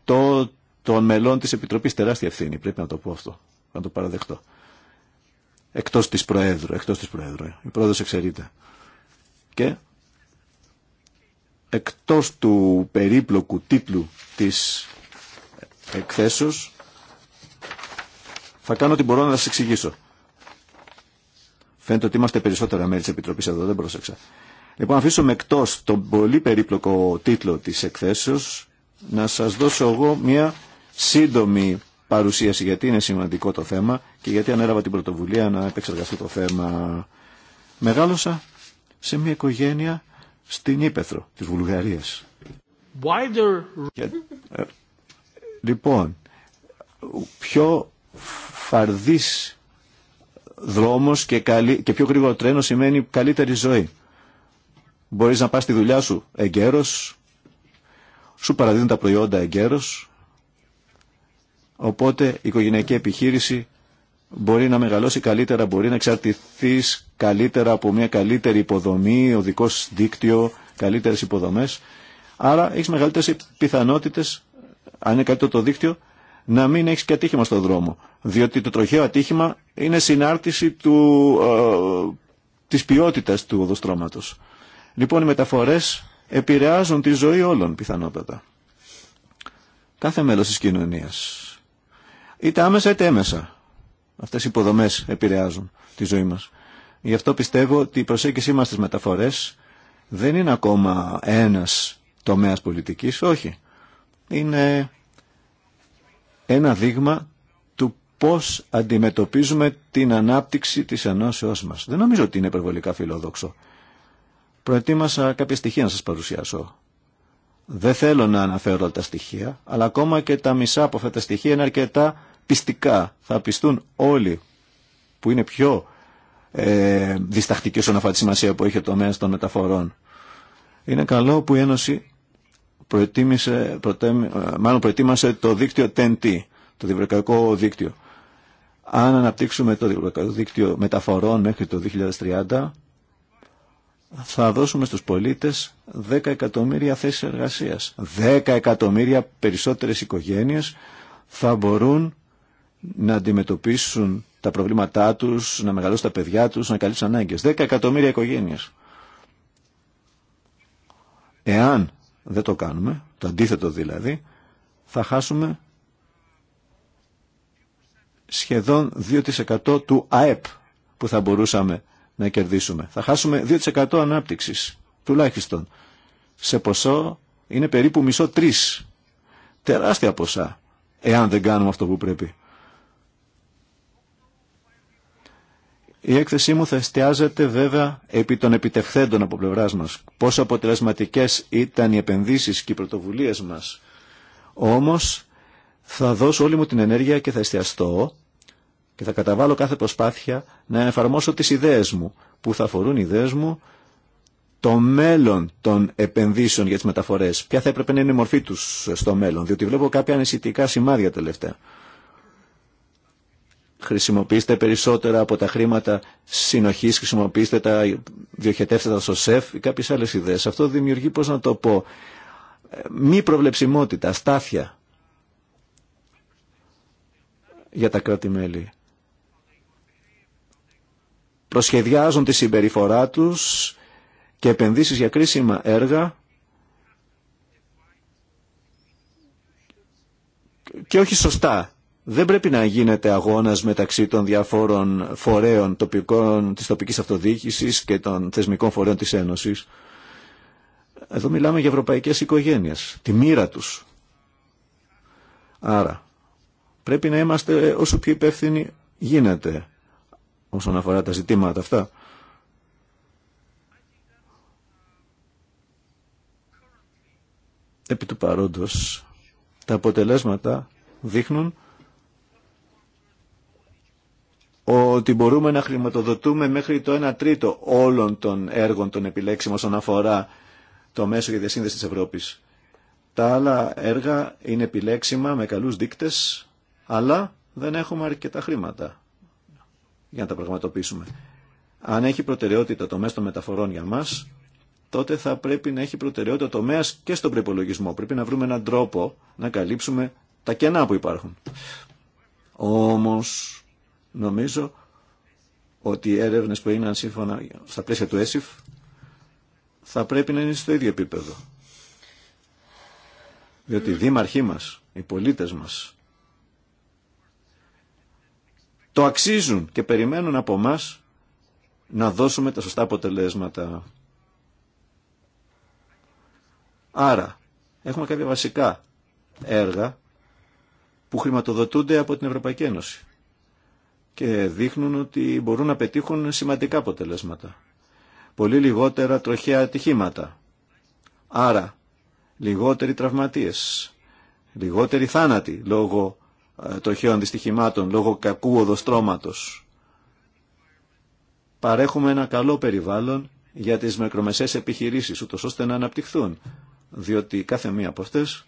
50% των μελών της Επιτροπής τεράστια ευθύνη. Πρέπει να το πω αυτό, να το παραδεχτώ. Εκτός της Προέδρου, εκτός της Προέδρου. Η Πρόεδρος εξαιρείται και εκτός του περίπλοκου τίτλου της εκθέσεως θα κάνω ό,τι μπορώ να σας εξηγήσω. Φαίνεται ότι είμαστε περισσότερα μέλη της Επιτροπής εδώ, δεν πρόσεξα. Λοιπόν, αφήσουμε εκτός τον πολύ περίπλοκο τίτλο της εκθέσεως να σας δώσω εγώ μια σύντομη παρουσίαση γιατί είναι σημαντικό το θέμα και γιατί ανέλαβα την πρωτοβουλία να επεξεργαστώ το θέμα. Μεγάλωσα σε μια οικογένεια στην Ήπεθρο της Βουλγαρίας. Ε, λοιπόν, πιο φαρδής δρόμος και, και πιο γρήγορο τρένο σημαίνει καλύτερη ζωή. Μπορείς να πας τη δουλειά σου εγκαίρος, σου παραδίδουν τα προϊόντα εγκαίρος, οπότε η οικογενειακή επιχείρηση μπορεί να μεγαλώσει καλύτερα, μπορεί να εξαρτηθεί καλύτερα από μια καλύτερη υποδομή, οδικό δίκτυο, καλύτερε υποδομέ. Άρα έχει μεγαλύτερε πιθανότητε, αν είναι καλύτερο το δίκτυο, να μην έχει και ατύχημα στον δρόμο. Διότι το τροχαίο ατύχημα είναι συνάρτηση του, ε, της ποιότητας του οδοστρώματος. Λοιπόν, οι μεταφορές επηρεάζουν τη ζωή όλων πιθανότατα. Κάθε μέλος της κοινωνίας. Είτε άμεσα είτε έμεσα. Αυτές οι υποδομέ επηρεάζουν τη ζωή μας. Γι' αυτό πιστεύω ότι η προσέγγιση μα στις μεταφορές δεν είναι ακόμα ένας τομέας πολιτικής, όχι. Είναι ένα δείγμα του πώς αντιμετωπίζουμε την ανάπτυξη της ενώσεώς μας. Δεν νομίζω ότι είναι υπερβολικά φιλόδοξο. Προετοίμασα κάποια στοιχεία να σας παρουσιάσω. Δεν θέλω να αναφέρω τα στοιχεία, αλλά ακόμα και τα μισά από αυτά τα στοιχεία είναι αρκετά πιστικά. Θα πιστούν όλοι που είναι πιο ε, διστακτικοί όσον αφορά τη σημασία που έχει το τομέα των μεταφορών. Είναι καλό που η Ένωση προετοίμησε, μάλλον προετοίμασε το δίκτυο TNT, το διευρωπαϊκό δίκτυο. Αν αναπτύξουμε το διευρωπαϊκό δίκτυο μεταφορών μέχρι το 2030, θα δώσουμε στους πολίτες 10 εκατομμύρια θέσεις εργασίας. 10 εκατομμύρια περισσότερες οικογένειες θα μπορούν να αντιμετωπίσουν τα προβλήματά τους, να μεγαλώσουν τα παιδιά τους, να καλύψουν ανάγκες. 10 εκατομμύρια οικογένειες. Εάν δεν το κάνουμε, το αντίθετο δηλαδή, θα χάσουμε σχεδόν 2% του ΑΕΠ που θα μπορούσαμε να κερδίσουμε. Θα χάσουμε 2% ανάπτυξης, τουλάχιστον. Σε ποσό είναι περίπου μισό τρεις. Τεράστια ποσά, εάν δεν κάνουμε αυτό που πρέπει. Η έκθεσή μου θα εστιάζεται βέβαια επί των επιτευχθέντων από πλευρά μα. Πόσο αποτελεσματικέ ήταν οι επενδύσει και οι πρωτοβουλίε μα. Όμω θα δώσω όλη μου την ενέργεια και θα εστιαστώ και θα καταβάλω κάθε προσπάθεια να εφαρμόσω τις ιδέες μου που θα αφορούν οι ιδέες μου το μέλλον των επενδύσεων για τι μεταφορέ. Ποια θα έπρεπε να είναι η μορφή του στο μέλλον, διότι βλέπω κάποια ανησυχητικά σημάδια τελευταία χρησιμοποιήστε περισσότερα από τα χρήματα συνοχή. χρησιμοποιήστε τα, διοχετεύστε τα στο ΣΕΦ ή κάποιε άλλε ιδέες. Αυτό δημιουργεί, πώ να το πω, ε, μη προβλεψιμότητα, αστάθεια για τα κράτη-μέλη. Προσχεδιάζουν τη συμπεριφορά τους και επενδύσεις για κρίσιμα έργα και όχι σωστά δεν πρέπει να γίνεται αγώνας μεταξύ των διαφόρων φορέων τοπικών, της τοπικής αυτοδιοίκησης και των θεσμικών φορέων της Ένωσης. Εδώ μιλάμε για ευρωπαϊκές οικογένειες, τη μοίρα τους. Άρα, πρέπει να είμαστε όσο πιο υπεύθυνοι γίνεται όσον αφορά τα ζητήματα αυτά. Επί του παρόντος, τα αποτελέσματα δείχνουν ότι μπορούμε να χρηματοδοτούμε μέχρι το 1 τρίτο όλων των έργων των επιλέξιμων όσον αφορά το μέσο για τη σύνδεση της Ευρώπης. Τα άλλα έργα είναι επιλέξιμα με καλούς δείκτες, αλλά δεν έχουμε αρκετά χρήματα για να τα πραγματοποιήσουμε. Αν έχει προτεραιότητα το μέσο των μεταφορών για μας, τότε θα πρέπει να έχει προτεραιότητα το μέσο και στον προπολογισμό. Πρέπει να βρούμε έναν τρόπο να καλύψουμε τα κενά που υπάρχουν. Όμως, Νομίζω ότι οι έρευνε που έγιναν σύμφωνα στα πλαίσια του ΕΣΥΦ θα πρέπει να είναι στο ίδιο επίπεδο. Διότι οι δήμαρχοί μας, οι πολίτες μας, το αξίζουν και περιμένουν από μας να δώσουμε τα σωστά αποτελέσματα. Άρα, έχουμε κάποια βασικά έργα που χρηματοδοτούνται από την Ευρωπαϊκή Ένωση και δείχνουν ότι μπορούν να πετύχουν σημαντικά αποτελέσματα. Πολύ λιγότερα τροχαία ατυχήματα. Άρα, λιγότεροι τραυματίες, λιγότεροι θάνατοι λόγω ε, τροχαίων δυστυχημάτων, λόγω κακού οδοστρώματος. Παρέχουμε ένα καλό περιβάλλον για τις μικρομεσαίες επιχειρήσεις, ούτως ώστε να αναπτυχθούν, διότι κάθε μία από αυτές,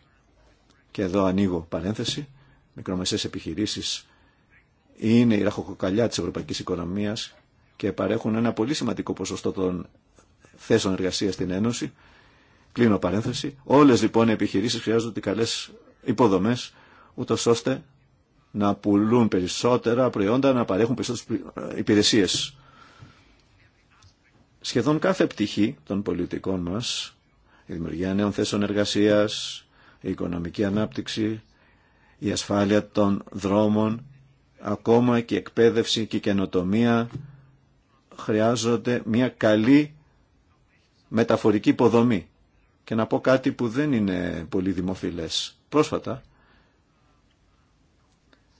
και εδώ ανοίγω παρένθεση, μικρομεσαίες επιχειρήσεις είναι η ραχοκοκαλιά της ευρωπαϊκής οικονομίας και παρέχουν ένα πολύ σημαντικό ποσοστό των θέσεων εργασίας στην Ένωση. Κλείνω παρένθεση. Όλες λοιπόν οι επιχειρήσεις χρειάζονται καλές υποδομές, ούτω ώστε να πουλούν περισσότερα προϊόντα, να παρέχουν περισσότερες ε, υπηρεσίες. Σχεδόν κάθε πτυχή των πολιτικών μας, η δημιουργία νέων θέσεων εργασίας, η οικονομική ανάπτυξη, η ασφάλεια των δρόμων, ακόμα και εκπαίδευση και καινοτομία χρειάζονται μια καλή μεταφορική υποδομή. Και να πω κάτι που δεν είναι πολύ δημοφιλές. Πρόσφατα,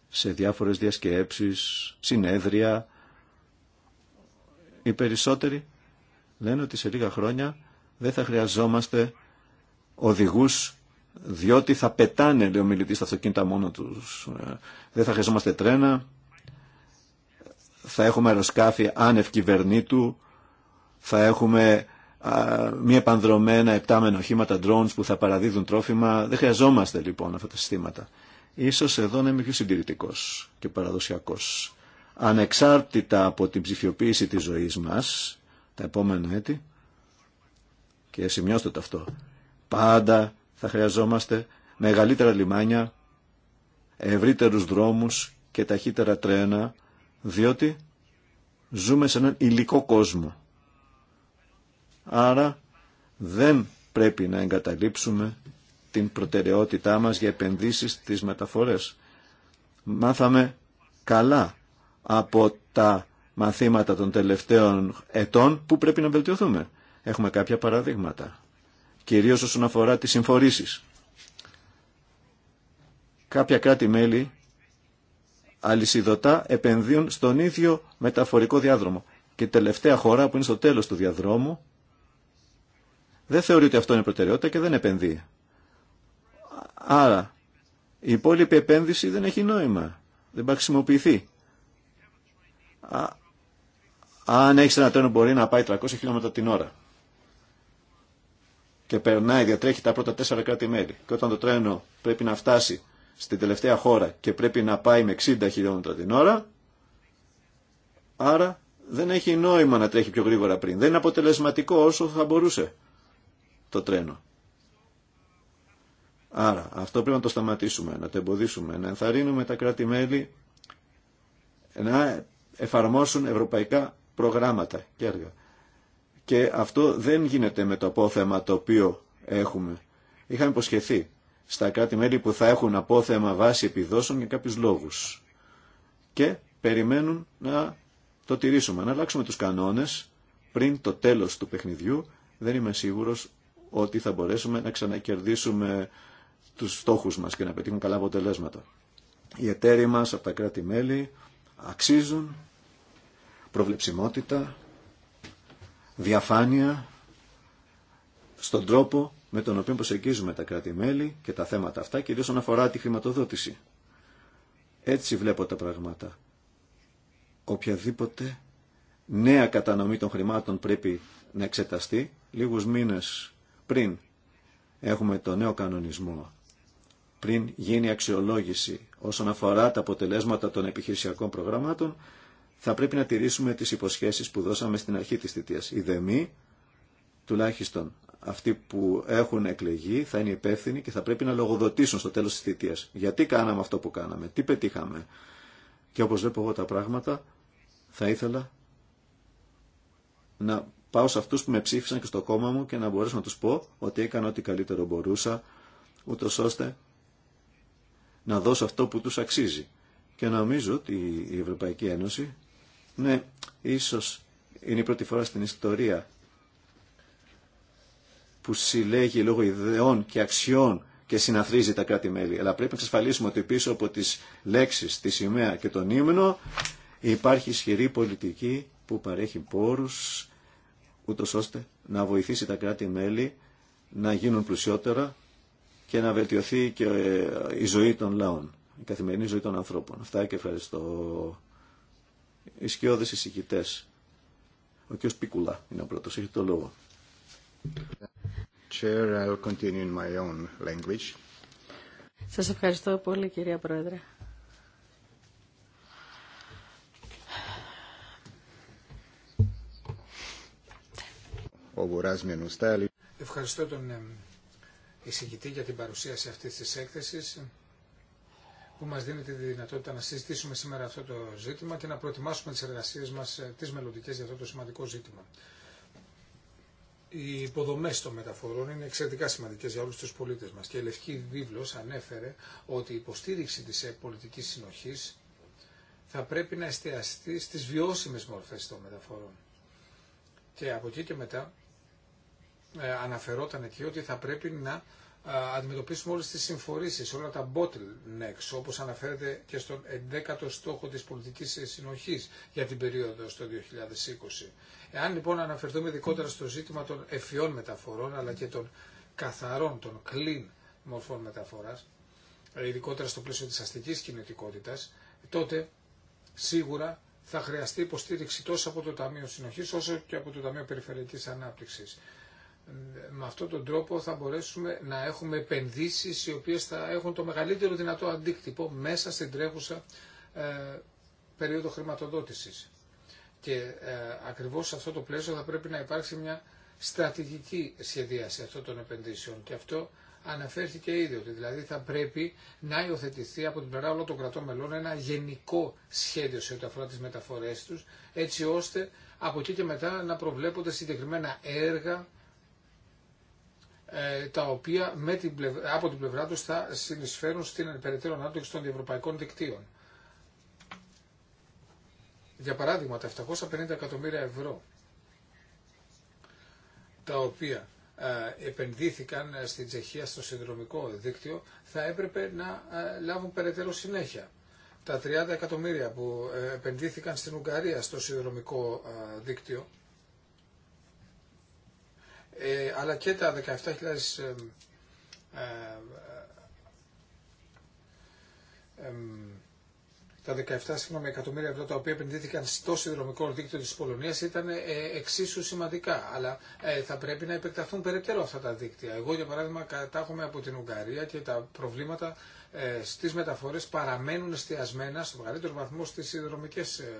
σε διάφορες διασκέψεις, συνέδρια, οι περισσότεροι λένε ότι σε λίγα χρόνια δεν θα χρειαζόμαστε οδηγούς διότι θα πετάνε, λέει ο μιλητής, τα αυτοκίνητα μόνο τους. Ε, δεν θα χρειαζόμαστε τρένα, θα έχουμε αεροσκάφη άνευ κυβερνήτου, θα έχουμε μια μη επανδρομένα επτάμενα οχήματα drones που θα παραδίδουν τρόφιμα. Δεν χρειαζόμαστε λοιπόν αυτά τα συστήματα. Ίσως εδώ να είμαι πιο συντηρητικό και παραδοσιακός. Ανεξάρτητα από την ψηφιοποίηση της ζωής μας, τα επόμενα έτη, και σημειώστε το αυτό, πάντα θα χρειαζόμαστε μεγαλύτερα λιμάνια, ευρύτερους δρόμους και ταχύτερα τρένα, διότι ζούμε σε έναν υλικό κόσμο. Άρα δεν πρέπει να εγκαταλείψουμε την προτεραιότητά μας για επενδύσεις στις μεταφορές. Μάθαμε καλά από τα μαθήματα των τελευταίων ετών που πρέπει να βελτιωθούμε. Έχουμε κάποια παραδείγματα κυρίως όσον αφορά τις συμφορήσεις. Κάποια κράτη-μέλη αλυσιδωτά επενδύουν στον ίδιο μεταφορικό διάδρομο. Και η τελευταία χώρα που είναι στο τέλος του διαδρόμου δεν θεωρεί ότι αυτό είναι προτεραιότητα και δεν επενδύει. Άρα η υπόλοιπη επένδυση δεν έχει νόημα. Δεν θα χρησιμοποιηθεί. αν έχει ένα τρένο μπορεί να πάει 300 χιλιόμετρα την ώρα και περνάει, διατρέχει τα πρώτα τέσσερα κράτη-μέλη. Και όταν το τρένο πρέπει να φτάσει στην τελευταία χώρα και πρέπει να πάει με 60 χιλιόμετρα την ώρα, άρα δεν έχει νόημα να τρέχει πιο γρήγορα πριν. Δεν είναι αποτελεσματικό όσο θα μπορούσε το τρένο. Άρα αυτό πρέπει να το σταματήσουμε, να το εμποδίσουμε, να ενθαρρύνουμε τα κράτη-μέλη να εφαρμόσουν ευρωπαϊκά προγράμματα και έργα. Και αυτό δεν γίνεται με το απόθεμα το οποίο έχουμε. Είχαμε υποσχεθεί στα κράτη-μέλη που θα έχουν απόθεμα βάση επιδόσεων για κάποιους λόγους. Και περιμένουν να το τηρήσουμε, να αλλάξουμε τους κανόνες πριν το τέλος του παιχνιδιού. Δεν είμαι σίγουρος ότι θα μπορέσουμε να ξανακερδίσουμε τους στόχους μας και να πετύχουν καλά αποτελέσματα. Οι εταίροι μας από τα κράτη-μέλη αξίζουν προβλεψιμότητα, διαφάνεια στον τρόπο με τον οποίο προσεγγίζουμε τα κρατη και τα θέματα αυτά, κυρίως όσον αφορά τη χρηματοδότηση. Έτσι βλέπω τα πράγματα. Οποιαδήποτε νέα κατανομή των χρημάτων πρέπει να εξεταστεί λίγους μήνες πριν έχουμε το νέο κανονισμό, πριν γίνει αξιολόγηση όσον αφορά τα αποτελέσματα των επιχειρησιακών προγραμμάτων θα πρέπει να τηρήσουμε τις υποσχέσεις που δώσαμε στην αρχή της θητείας. Οι δεμοί, τουλάχιστον αυτοί που έχουν εκλεγεί, θα είναι υπεύθυνοι και θα πρέπει να λογοδοτήσουν στο τέλος της θητείας. Γιατί κάναμε αυτό που κάναμε, τι πετύχαμε. Και όπως βλέπω εγώ τα πράγματα, θα ήθελα να πάω σε αυτούς που με ψήφισαν και στο κόμμα μου και να μπορέσω να τους πω ότι έκανα ό,τι καλύτερο μπορούσα, ούτω ώστε να δώσω αυτό που τους αξίζει. Και νομίζω ότι η Ευρωπαϊκή Ένωση ναι, ίσως είναι η πρώτη φορά στην ιστορία που συλλέγει λόγω ιδεών και αξιών και συναθρίζει τα κράτη-μέλη. Αλλά πρέπει να εξασφαλίσουμε ότι πίσω από τις λέξεις, τη σημαία και τον ύμνο υπάρχει ισχυρή πολιτική που παρέχει πόρους ούτως ώστε να βοηθήσει τα κράτη-μέλη να γίνουν πλουσιότερα και να βελτιωθεί και η ζωή των λαών, η καθημερινή ζωή των ανθρώπων. Αυτά και ευχαριστώ οι σκιώδες εισηγητές. Ο κ. Πίκουλα είναι ο πρώτος, έχει το λόγο. Chair, I'll continue in my own language. Σας ευχαριστώ πολύ κυρία Πρόεδρε. Ευχαριστώ τον εισηγητή για την παρουσίαση αυτής της έκθεσης που μας δίνει τη δυνατότητα να συζητήσουμε σήμερα αυτό το ζήτημα και να προετοιμάσουμε τις εργασίες μας, ε, τις μελλοντικέ για αυτό το σημαντικό ζήτημα. Οι υποδομέ των μεταφορών είναι εξαιρετικά σημαντικέ για όλου του πολίτε μα και η Λευκή Βίβλο ανέφερε ότι η υποστήριξη τη ε, πολιτική συνοχή θα πρέπει να εστιαστεί στι βιώσιμε μορφέ των μεταφορών. Και από εκεί και μετά ε, αναφερόταν εκεί ότι θα πρέπει να αντιμετωπίσουμε όλες τις συμφορήσεις, όλα τα bottlenecks, όπως αναφέρεται και στον 11ο στόχο της πολιτικής συνοχής για την περίοδο στο 2020. Εάν λοιπόν αναφερθούμε ειδικότερα στο ζήτημα των εφιών μεταφορών, αλλά και των καθαρών, των clean μορφών μεταφοράς, ε, ειδικότερα στο πλαίσιο της αστικής κινητικότητας, τότε σίγουρα θα χρειαστεί υποστήριξη τόσο από το Ταμείο Συνοχής όσο και από το Ταμείο Περιφερειακής Ανάπτυξης. Ε, με αυτόν τον τρόπο θα μπορέσουμε να έχουμε επενδύσεις οι οποίες θα έχουν το μεγαλύτερο δυνατό αντίκτυπο μέσα στην τρέχουσα ε, περίοδο χρηματοδότησης. Και ε, ακριβώς σε αυτό το πλαίσιο θα πρέπει να υπάρξει μια στρατηγική σχεδίαση αυτών των επενδύσεων και αυτό αναφέρθηκε ήδη ότι δηλαδή θα πρέπει να υιοθετηθεί από την πλευρά όλων των κρατών μελών ένα γενικό σχέδιο σε ό,τι αφορά τις μεταφορές τους έτσι ώστε από εκεί και μετά να προβλέπονται συγκεκριμένα έργα ε, τα οποία με την από την πλευρά τους θα συνεισφέρουν στην περαιτέρω ανάπτυξη των διευρωπαϊκών δικτύων. Για παράδειγμα, τα 750 εκατομμύρια ευρώ τα οποία ε, επενδύθηκαν ε, στην Τσεχία στο συνδρομικό δίκτυο θα έπρεπε να λάβουν περαιτέρω συνέχεια. Τα 30 εκατομμύρια που επενδύθηκαν στην Ουγγαρία στο συνδρομικό δίκτυο ε, αλλά και τα 17.000 ε, ε, τα 17 συγγνώμη, εκατομμύρια ευρώ τα οποία επενδύθηκαν στο συνδρομικό δίκτυο της Πολωνίας ήταν εξίσου σημαντικά. Αλλά θα πρέπει να επεκταθούν περαιτέρω αυτά τα δίκτυα. Εγώ για παράδειγμα κατάγομαι από την Ουγγαρία και τα προβλήματα ε, στις μεταφορές παραμένουν εστιασμένα στο μεγαλύτερο βαθμό στις συνδρομικές ε,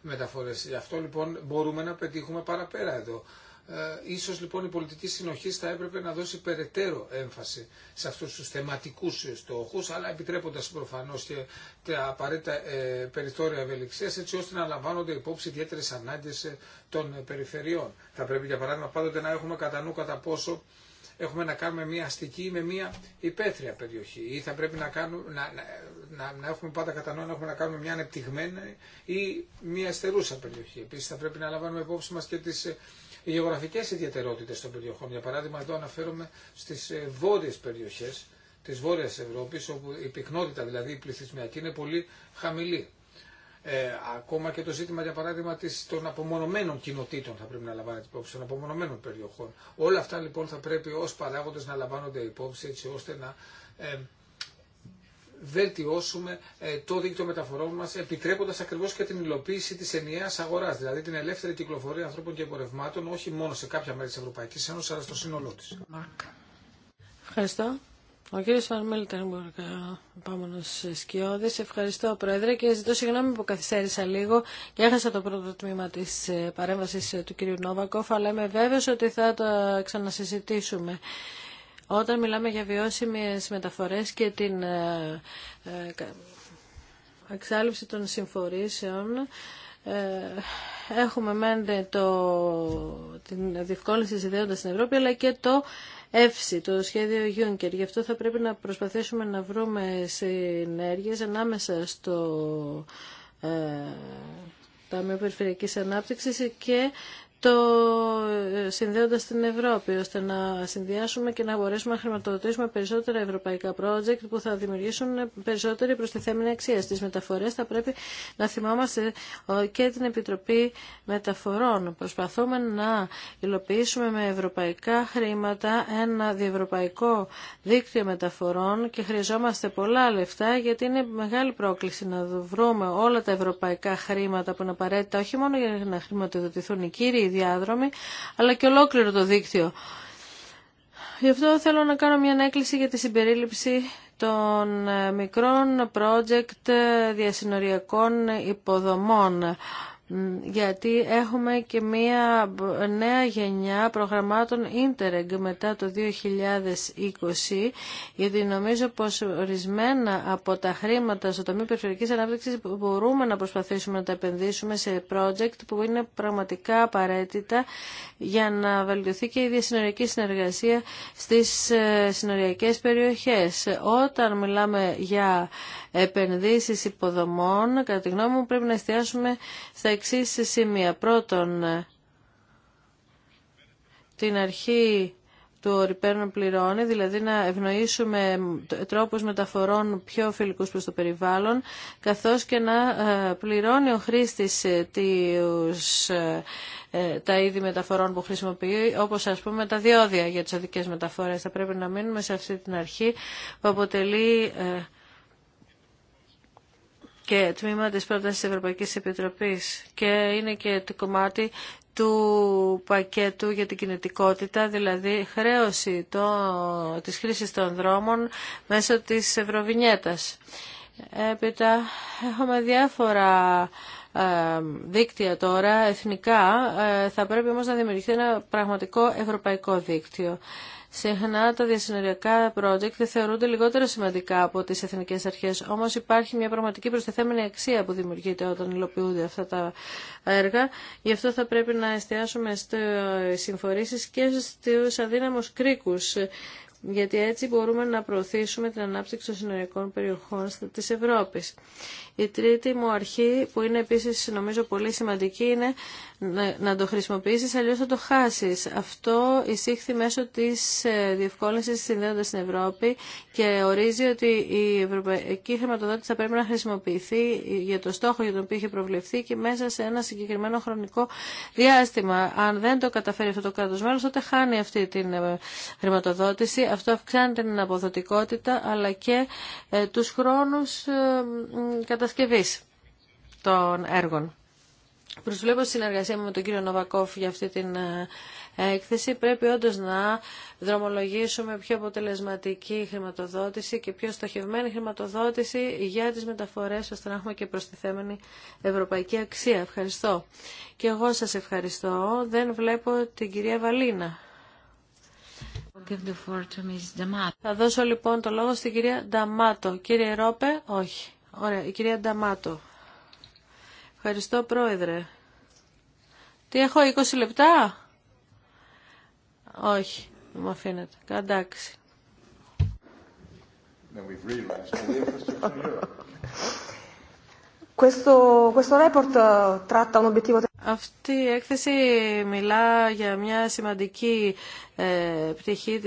μεταφορές. Γι' αυτό λοιπόν μπορούμε να πετύχουμε παραπέρα εδώ. Ε, ίσως λοιπόν η πολιτική συνοχή θα έπρεπε να δώσει περαιτέρω έμφαση σε αυτούς τους θεματικούς στόχους, αλλά επιτρέποντας προφανώς και τα απαραίτητα ε, περιθώρια ευελιξίας, έτσι ώστε να λαμβάνονται υπόψη ιδιαίτερες ανάγκες ε, των περιφερειών. Θα πρέπει για παράδειγμα πάντοτε να έχουμε κατά νου κατά πόσο έχουμε να κάνουμε μια αστική ή με μια υπαίθρια περιοχή. Ή θα πρέπει να, κάνουμε, να, να, να έχουμε πάντα κατά νου να έχουμε να κάνουμε μια ανεπτυγμένη ή μια αστερούσα περιοχή. Επίση θα πρέπει να λαμβάνουμε υπόψη μα και τι οι γεωγραφικέ ιδιαιτερότητε των περιοχών. Για παράδειγμα, εδώ αναφέρομαι στις ε, βόρειες περιοχές της Βόρειας Ευρώπης, όπου η πυκνότητα, δηλαδή η πληθυσμιακή, είναι πολύ χαμηλή. Ε, ακόμα και το ζήτημα, για παράδειγμα, της, των απομονωμένων κοινοτήτων θα πρέπει να λαμβάνεται υπόψη, των απομονωμένων περιοχών. Όλα αυτά λοιπόν θα πρέπει ω παράγοντε να λαμβάνονται υπόψη, έτσι ώστε να ε, βελτιώσουμε ε, το δίκτυο μεταφορών μας επιτρέποντας ακριβώς και την υλοποίηση της ενιαίας αγοράς, δηλαδή την ελεύθερη κυκλοφορία ανθρώπων και εμπορευμάτων όχι μόνο σε κάποια μέρη τη Ευρωπαϊκή Ένωση, αλλά στο σύνολό τη. Ευχαριστώ. Ο κύριος Φαρμέλ Τέρμπορκ, ε, επόμενος σκιώδης. Ευχαριστώ, Πρόεδρε, και ζητώ συγγνώμη που καθυστέρησα λίγο και έχασα το πρώτο τμήμα της ε, παρέμβασης του κύριου Νόβακοφ, αλλά είμαι βέβαιος ότι θα το ξανασυζητήσουμε. Όταν μιλάμε για βιώσιμες μεταφορές και την ε, ε, εξάλληψη των συμφορήσεων, ε, έχουμε μέντε το, την διευκόλυνση ιδέοντας στην Ευρώπη, αλλά και το ΕΦΣΙ, το σχέδιο Juncker. Γι' αυτό θα πρέπει να προσπαθήσουμε να βρούμε συνέργειες ανάμεσα στο ε, Ταμείο Περιφερειακής Ανάπτυξης και το ε, συνδέοντα την Ευρώπη, ώστε να συνδυάσουμε και να μπορέσουμε να χρηματοδοτήσουμε περισσότερα ευρωπαϊκά project που θα δημιουργήσουν περισσότερη προστιθέμενη αξία. Στι μεταφορέ θα πρέπει να θυμόμαστε ε, και την Επιτροπή Μεταφορών. Προσπαθούμε να υλοποιήσουμε με ευρωπαϊκά χρήματα ένα διευρωπαϊκό δίκτυο μεταφορών και χρειαζόμαστε πολλά λεφτά γιατί είναι μεγάλη πρόκληση να βρούμε όλα τα ευρωπαϊκά χρήματα που είναι απαραίτητα όχι μόνο για να χρηματοδοτηθούν οι κύριοι διάδρομοι, αλλά και ολόκληρο το δίκτυο. Γι' αυτό θέλω να κάνω μια ανέκκληση για τη συμπερίληψη των ε, μικρών project ε, διασυνοριακών υποδομών γιατί έχουμε και μία νέα γενιά προγραμμάτων Interreg μετά το 2020, γιατί νομίζω πως ορισμένα από τα χρήματα στο τομείο Περιφερειακής Ανάπτυξης μπορούμε να προσπαθήσουμε να τα επενδύσουμε σε project που είναι πραγματικά απαραίτητα για να βελτιωθεί και η διασυνοριακή συνεργασία στις ε, συνοριακές περιοχές. Όταν μιλάμε για επενδύσεις υποδομών, κατά τη γνώμη μου πρέπει να εστιάσουμε στα εξή σημεία. Πρώτον, την αρχή του ορυπαίνων πληρώνει, δηλαδή να ευνοήσουμε τρόπους μεταφορών πιο φιλικούς προς το περιβάλλον, καθώς και να ε, πληρώνει ο χρήστης ε, τους, ε, τα είδη μεταφορών που χρησιμοποιεί, όπως ας πούμε τα διόδια για τις οδικές μεταφορές. Θα πρέπει να μείνουμε σε αυτή την αρχή που αποτελεί και τμήμα της πρότασης της Ευρωπαϊκής Επιτροπής και είναι και το κομμάτι του πακέτου για την κινητικότητα, δηλαδή χρέωση το, της χρήσης των δρόμων μέσω της Ευρωβινιέτας. Έπειτα έχουμε διάφορα ε, δίκτυα τώρα εθνικά, ε, θα πρέπει όμως να δημιουργηθεί ένα πραγματικό ευρωπαϊκό δίκτυο. Συχνά τα διασυνοριακά project θεωρούνται λιγότερο σημαντικά από τις εθνικές αρχές, όμως υπάρχει μια πραγματική προστιθέμενη αξία που δημιουργείται όταν υλοποιούνται αυτά τα έργα. Γι' αυτό θα πρέπει να εστιάσουμε στις συμφορήσει και στου αδύναμου κρίκου γιατί έτσι μπορούμε να προωθήσουμε την ανάπτυξη των συνολικών περιοχών της Ευρώπης. Η τρίτη μου αρχή, που είναι επίσης νομίζω πολύ σημαντική, είναι να το χρησιμοποιήσεις, αλλιώς θα το χάσεις. Αυτό εισήχθη μέσω της ε, διευκόλυνσης συνδέοντας στην Ευρώπη και ορίζει ότι η ευρωπαϊκή χρηματοδότηση θα πρέπει να χρησιμοποιηθεί για το στόχο για τον οποίο είχε προβλεφθεί και μέσα σε ένα συγκεκριμένο χρονικό διάστημα. Αν δεν το καταφέρει αυτό το κράτος μέλος, τότε χάνει αυτή την ε, χρηματοδότηση αυτό αυξάνει την αποδοτικότητα αλλά και ε, τους χρόνους ε, κατασκευής των έργων. Προσβλέπω συνεργασία μου με τον κύριο Νοβακόφ για αυτή την ε, έκθεση. Πρέπει όντως να δρομολογήσουμε πιο αποτελεσματική χρηματοδότηση και πιο στοχευμένη χρηματοδότηση για τις μεταφορές ώστε να έχουμε και προστιθέμενη ευρωπαϊκή αξία. Ευχαριστώ. Και εγώ σας ευχαριστώ. Δεν βλέπω την κυρία Βαλίνα. Θα δώσω λοιπόν το λόγο στην κυρία Νταμάτο. Κύριε Ρόπε, όχι. Ωραία, η κυρία Νταμάτο. Ευχαριστώ πρόεδρε. Τι έχω, 20 λεπτά? Όχι, δεν μου αφήνετε. Καντάξει. Eh, Αυτή η έκθεση μιλά για μια σημαντική ε, πτυχή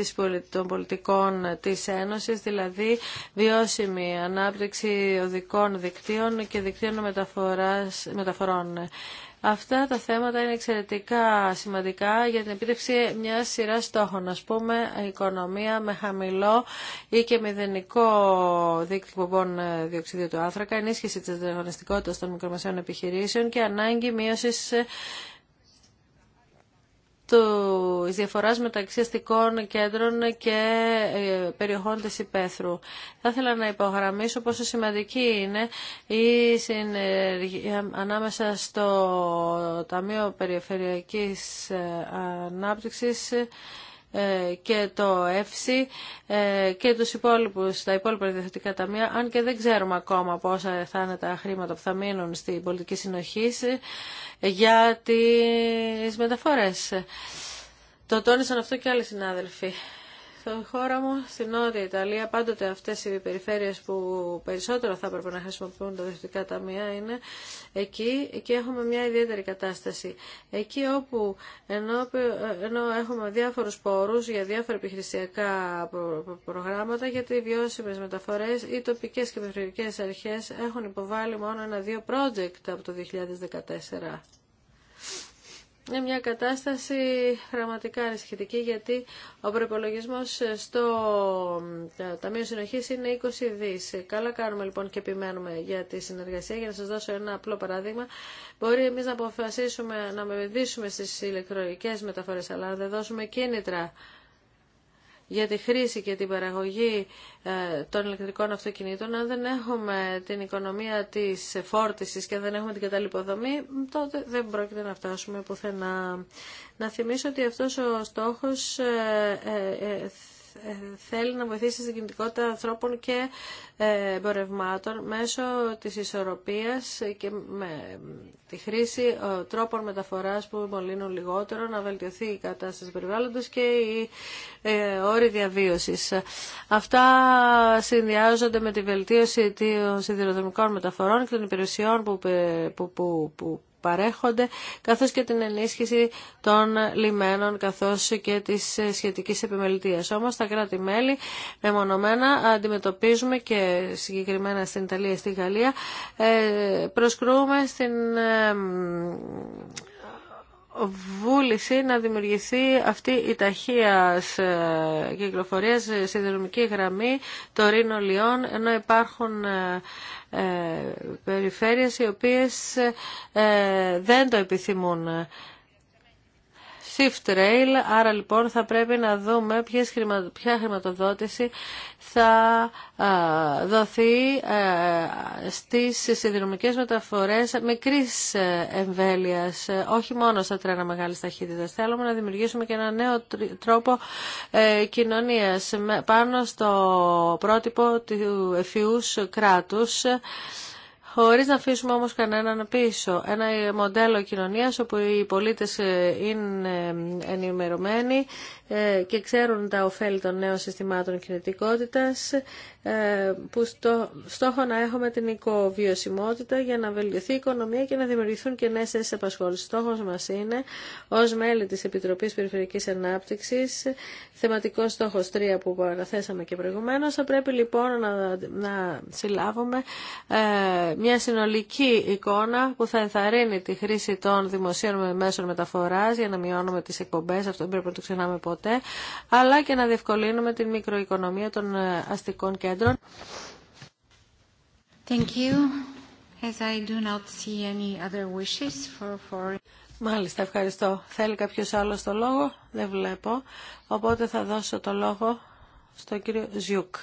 των πολιτικών της Ένωσης, δηλαδή βιώσιμη ανάπτυξη οδικών δικτύων και δικτύων μεταφοράς, μεταφορών. Αυτά τα θέματα είναι εξαιρετικά σημαντικά για την επίτευξη μια σειρά στόχων. Α πούμε, οικονομία με χαμηλό ή και μηδενικό δίκτυο πομπών ε, διοξιδίου του άνθρακα, ενίσχυση τη ανταγωνιστικότητα των μικρομεσαίων επιχειρήσεων και ανάγκη μείωση ε, του διαφοράς μεταξύ αστικών κέντρων και ε, περιοχών της υπαίθρου. Θα ήθελα να υπογραμμίσω πόσο σημαντική είναι η συνεργία ανάμεσα στο Ταμείο Περιφερειακής ε, Ανάπτυξης ε, και το ΕΦΣΙ και τους υπόλοιπους, τα υπόλοιπα διευθυντικά ταμεία, αν και δεν ξέρουμε ακόμα πόσα θα είναι τα χρήματα που θα μείνουν στην πολιτική συνοχή ε, για τις μεταφορές. Το τόνισαν αυτό και άλλοι συνάδελφοι. Στη χώρα μου, στην Νότια Ιταλία, πάντοτε αυτές οι περιφέρειες που περισσότερο θα έπρεπε να χρησιμοποιούν τα διευθυντικά ταμεία είναι εκεί και έχουμε μια ιδιαίτερη κατάσταση. Εκεί όπου ενώ, έχουμε διάφορους πόρους για διάφορα επιχειρησιακά προγράμματα γιατί οι βιώσιμες μεταφορές, ή τοπικέ και περιφερειακε αρχες αρχές έχουν υποβάλει μόνο ένα-δύο project από το 2014 είναι μια κατάσταση πραγματικά ανησυχητική γιατί ο προπολογισμό στο ε, Ταμείο Συνοχή είναι 20 δι. Καλά κάνουμε λοιπόν και επιμένουμε για τη συνεργασία. Για να σα δώσω ένα απλό παράδειγμα, μπορεί εμεί να αποφασίσουμε να μεδίσουμε στι ηλεκτρονικέ μεταφορέ, αλλά να δεν δώσουμε κίνητρα για τη χρήση και την παραγωγή ε, των ηλεκτρικών αυτοκινήτων, αν δεν έχουμε την οικονομία της φόρτισης και δεν έχουμε την κατάλληλη τότε δεν πρόκειται να φτάσουμε πουθενά. Να θυμίσω ότι αυτός ο στόχος ε, ε, ε, θέλει να βοηθήσει στην κινητικότητα ανθρώπων και ε, εμπορευμάτων μέσω της ισορροπίας και με τη χρήση ε, τρόπων μεταφοράς που μολύνουν λιγότερο, να βελτιωθεί η κατάσταση περιβάλλοντος και οι όροι διαβίωσης. Αυτά συνδυάζονται με τη βελτίωση των σιδηροδρομικών μεταφορών και των υπηρεσιών που, που, που, που παρέχονται, καθώς και την ενίσχυση των λιμένων, καθώς και της σχετικής επιμελητίας. Όμως τα κράτη-μέλη μεμονωμένα αντιμετωπίζουμε και συγκεκριμένα στην Ιταλία και στη Γαλλία, ε, προσκρούμε στην ε, βούληση να δημιουργηθεί αυτή η ταχεία ε, κυκλοφορία στη δρομική γραμμή το Ρήνο Λιών, ενώ υπάρχουν ε, ε, περιφέρειες οι οποίες δεν το επιθυμούν shift άρα λοιπόν θα πρέπει να δούμε ποια χρηματοδότηση θα δοθεί στις συνδρομικές μεταφορές μικρής ε, εμβέλειας, ε, όχι μόνο στα τρένα μεγάλης ταχύτητας. Θέλουμε να δημιουργήσουμε και ένα νέο τρόπο ε, κοινωνίας πάνω στο πρότυπο του εφιούς κράτους χωρίς να αφήσουμε όμως κανέναν πίσω. Ένα μοντέλο κοινωνίας όπου οι πολίτες ε, είναι ενημερωμένοι ε, και ξέρουν τα ωφέλη των νέων συστημάτων κινητικότητας ε, που στο, στόχο να έχουμε την οικοβιωσιμότητα για να βελτιωθεί η οικονομία και να δημιουργηθούν και νέες θέσεις απασχόλησης. Στόχος μας είναι ως μέλη της Επιτροπής Περιφερειακής Ανάπτυξης θεματικός στόχος 3 που αναθέσαμε και προηγουμένως θα πρέπει λοιπόν να, να συλλάβουμε μια συνολική εικόνα που θα ενθαρρύνει τη χρήση των δημοσίων μέσων μεταφοράς για να μειώνουμε τις εκπομπές, αυτό δεν πρέπει να το ξεχνάμε ποτέ, αλλά και να διευκολύνουμε την μικροοικονομία των ε, αστικών κέντρων. Thank you. As I do not see any other wishes for, Μάλιστα, ευχαριστώ. Θέλει κάποιος άλλος το λόγο? Δεν βλέπω. Οπότε θα δώσω το λόγο στον κύριο Ζιούκ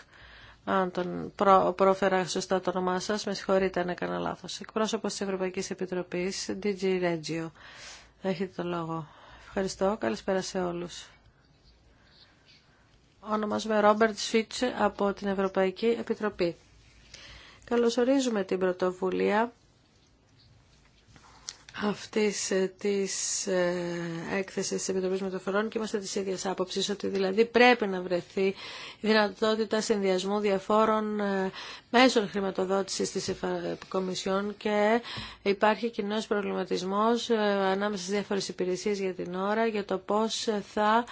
αν τον προ, πρόφερα σωστά το όνομά σας, με συγχωρείτε αν έκανα λάθος. Εκπρόσωπος της Ευρωπαϊκής Επιτροπής, DG Regio. Έχετε το λόγο. Ευχαριστώ. Καλησπέρα σε όλους. Ονομάζομαι Ρόμπερτ Σφίτσε από την Ευρωπαϊκή Επιτροπή. Καλωσορίζουμε την πρωτοβουλία αυτής ε, της ε, έκθεσης της Επιτροπής Μεταφορών και είμαστε της ίδιας άποψης ότι δηλαδή πρέπει να βρεθεί η δυνατότητα συνδυασμού διαφόρων ε, μέσων χρηματοδότησης της Κομισιόν και υπάρχει κοινό προβληματισμός ανάμεσα στις διάφορες υπηρεσίες για την ώρα για το πώς θα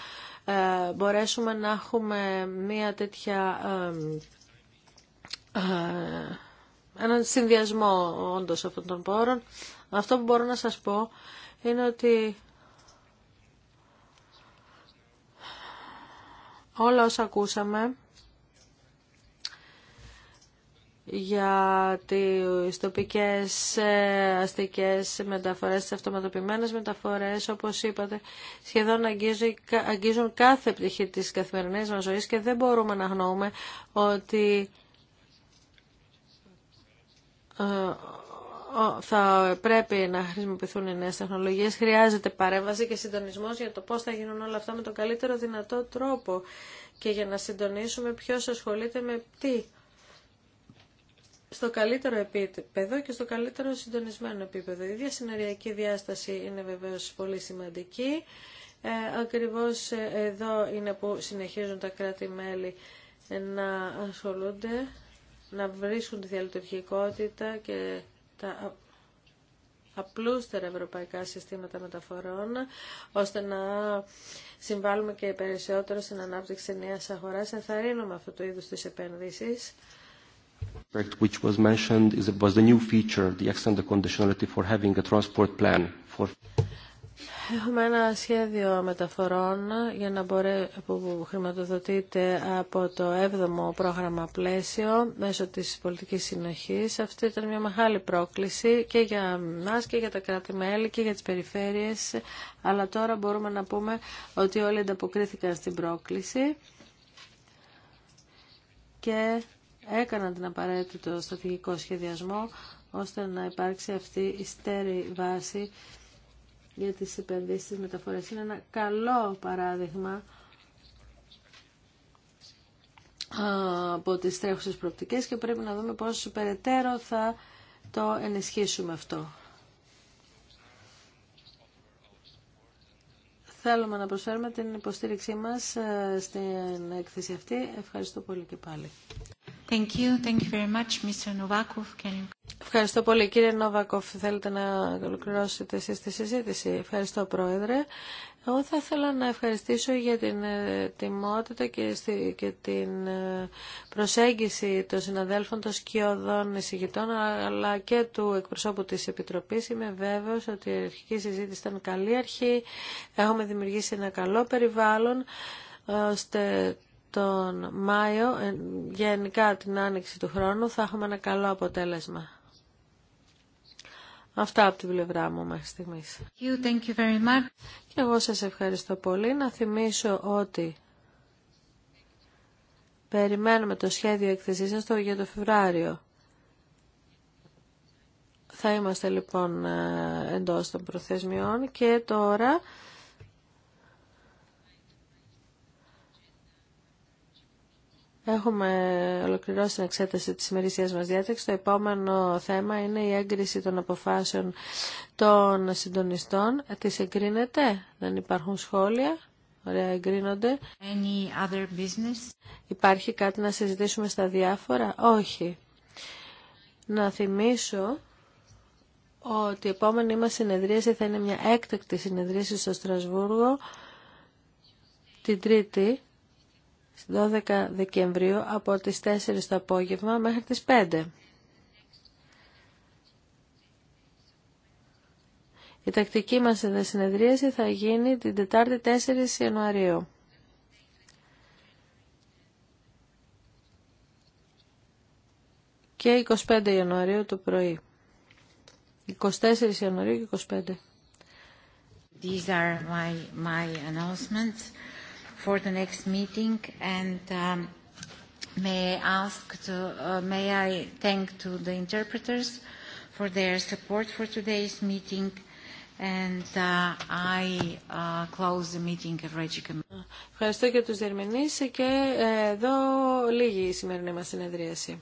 μπορέσουμε να έχουμε μια τέτοια έναν συνδυασμό όντως αυτών των πόρων αυτό που μπορώ να σας πω είναι ότι όλα όσα ακούσαμε για τις τοπικές ε, αστικές μεταφορές, τις αυτοματοποιημένες μεταφορές, όπως είπατε, σχεδόν αγγίζουν κάθε πτυχή της καθημερινής μας ζωής και δεν μπορούμε να γνώουμε ότι ε, θα πρέπει να χρησιμοποιηθούν οι νέες τεχνολογίες. Χρειάζεται παρέμβαση και συντονισμός για το πώς θα γίνουν όλα αυτά με τον καλύτερο δυνατό τρόπο και για να συντονίσουμε ποιος ασχολείται με τι στο καλύτερο επίπεδο και στο καλύτερο συντονισμένο επίπεδο. Η διασυνοριακή διάσταση είναι βεβαίως πολύ σημαντική. Ε, ακριβώς ε, εδώ είναι που συνεχίζουν τα κράτη-μέλη να ασχολούνται, να βρίσκουν τη διαλειτουργικότητα και τα απλούστερα ευρωπαϊκά συστήματα μεταφορών, ώστε να συμβάλλουμε και περισσότερο στην ανάπτυξη νέας αγοράς. Ενθαρρύνουμε αυτού του είδους τις επένδυσεις. Which was mentioned is was the new feature, the extended conditionality for having a transport plan for. Έχουμε ένα σχέδιο μεταφορών για να μπορέ... που χρηματοδοτείται από το 7ο πρόγραμμα πλαίσιο μέσω της πολιτικής συνοχής. Αυτή ήταν μια μεγάλη πρόκληση και για μας και για τα κράτη-μέλη και για τις περιφέρειες. Αλλά τώρα μπορούμε να πούμε ότι όλοι ανταποκρίθηκαν στην πρόκληση και έκαναν την απαραίτητο στρατηγικό σχεδιασμό ώστε να υπάρξει αυτή η στέρη βάση για τις επενδύσεις της μεταφορές. Είναι ένα καλό παράδειγμα από τις τρέχουσες προοπτικές και πρέπει να δούμε πώς περαιτέρω θα το ενισχύσουμε αυτό. Θέλουμε να προσφέρουμε την υποστήριξή μας ε, στην έκθεση αυτή. Ευχαριστώ πολύ και πάλι. Ευχαριστώ πολύ. Κύριε Νόβακοφ, θέλετε να ολοκληρώσετε εσεί τη συζήτηση. Ευχαριστώ, Πρόεδρε. Εγώ θα ήθελα να ευχαριστήσω για την ε, τιμότητα και, την ε, προσέγγιση των συναδέλφων, των σκιωδών εισηγητών, αλλά και του εκπροσώπου της Επιτροπής. Είμαι βέβαιος ότι η αρχική συζήτηση ήταν καλή αρχή. Έχουμε δημιουργήσει ένα καλό περιβάλλον, ώστε τον Μάιο, ε, γενικά την άνοιξη του χρόνου, θα έχουμε ένα καλό αποτέλεσμα. Αυτά από την πλευρά μου μέχρι στιγμής. thank you very Και εγώ σας ευχαριστώ πολύ. Να θυμίσω ότι περιμένουμε το σχέδιο εκθεσή σα για το Φεβράριο. Θα είμαστε λοιπόν ε, εντός των προθεσμιών και τώρα... Έχουμε ολοκληρώσει την εξέταση της ημερησίας μας διάταξης. Το επόμενο θέμα είναι η έγκριση των αποφάσεων των συντονιστών. Τις εγκρίνεται, δεν υπάρχουν σχόλια. Ωραία, εγκρίνονται. Any other business? Υπάρχει κάτι να συζητήσουμε στα διάφορα. Όχι. Να θυμίσω ότι η επόμενη μας συνεδρίαση θα είναι μια έκτακτη συνεδρίαση στο Στρασβούργο την Τρίτη 12 Δεκεμβρίου από τις 4 το απόγευμα μέχρι τις 5. Η τακτική μας συνεδρίαση θα γίνει την Τετάρτη 4 Ιανουαρίου. Και 25 Ιανουαρίου το πρωί. 24 Ιανουαρίου και 25. These are my, my announcements for the next meeting and um, may I ask to uh, may I thank to the interpreters for their support for today's meeting and uh, I uh, close the meeting of Regi Ευχαριστώ και τους διερμηνείς και εδώ λίγη η σημερινή μας συνεδρίαση.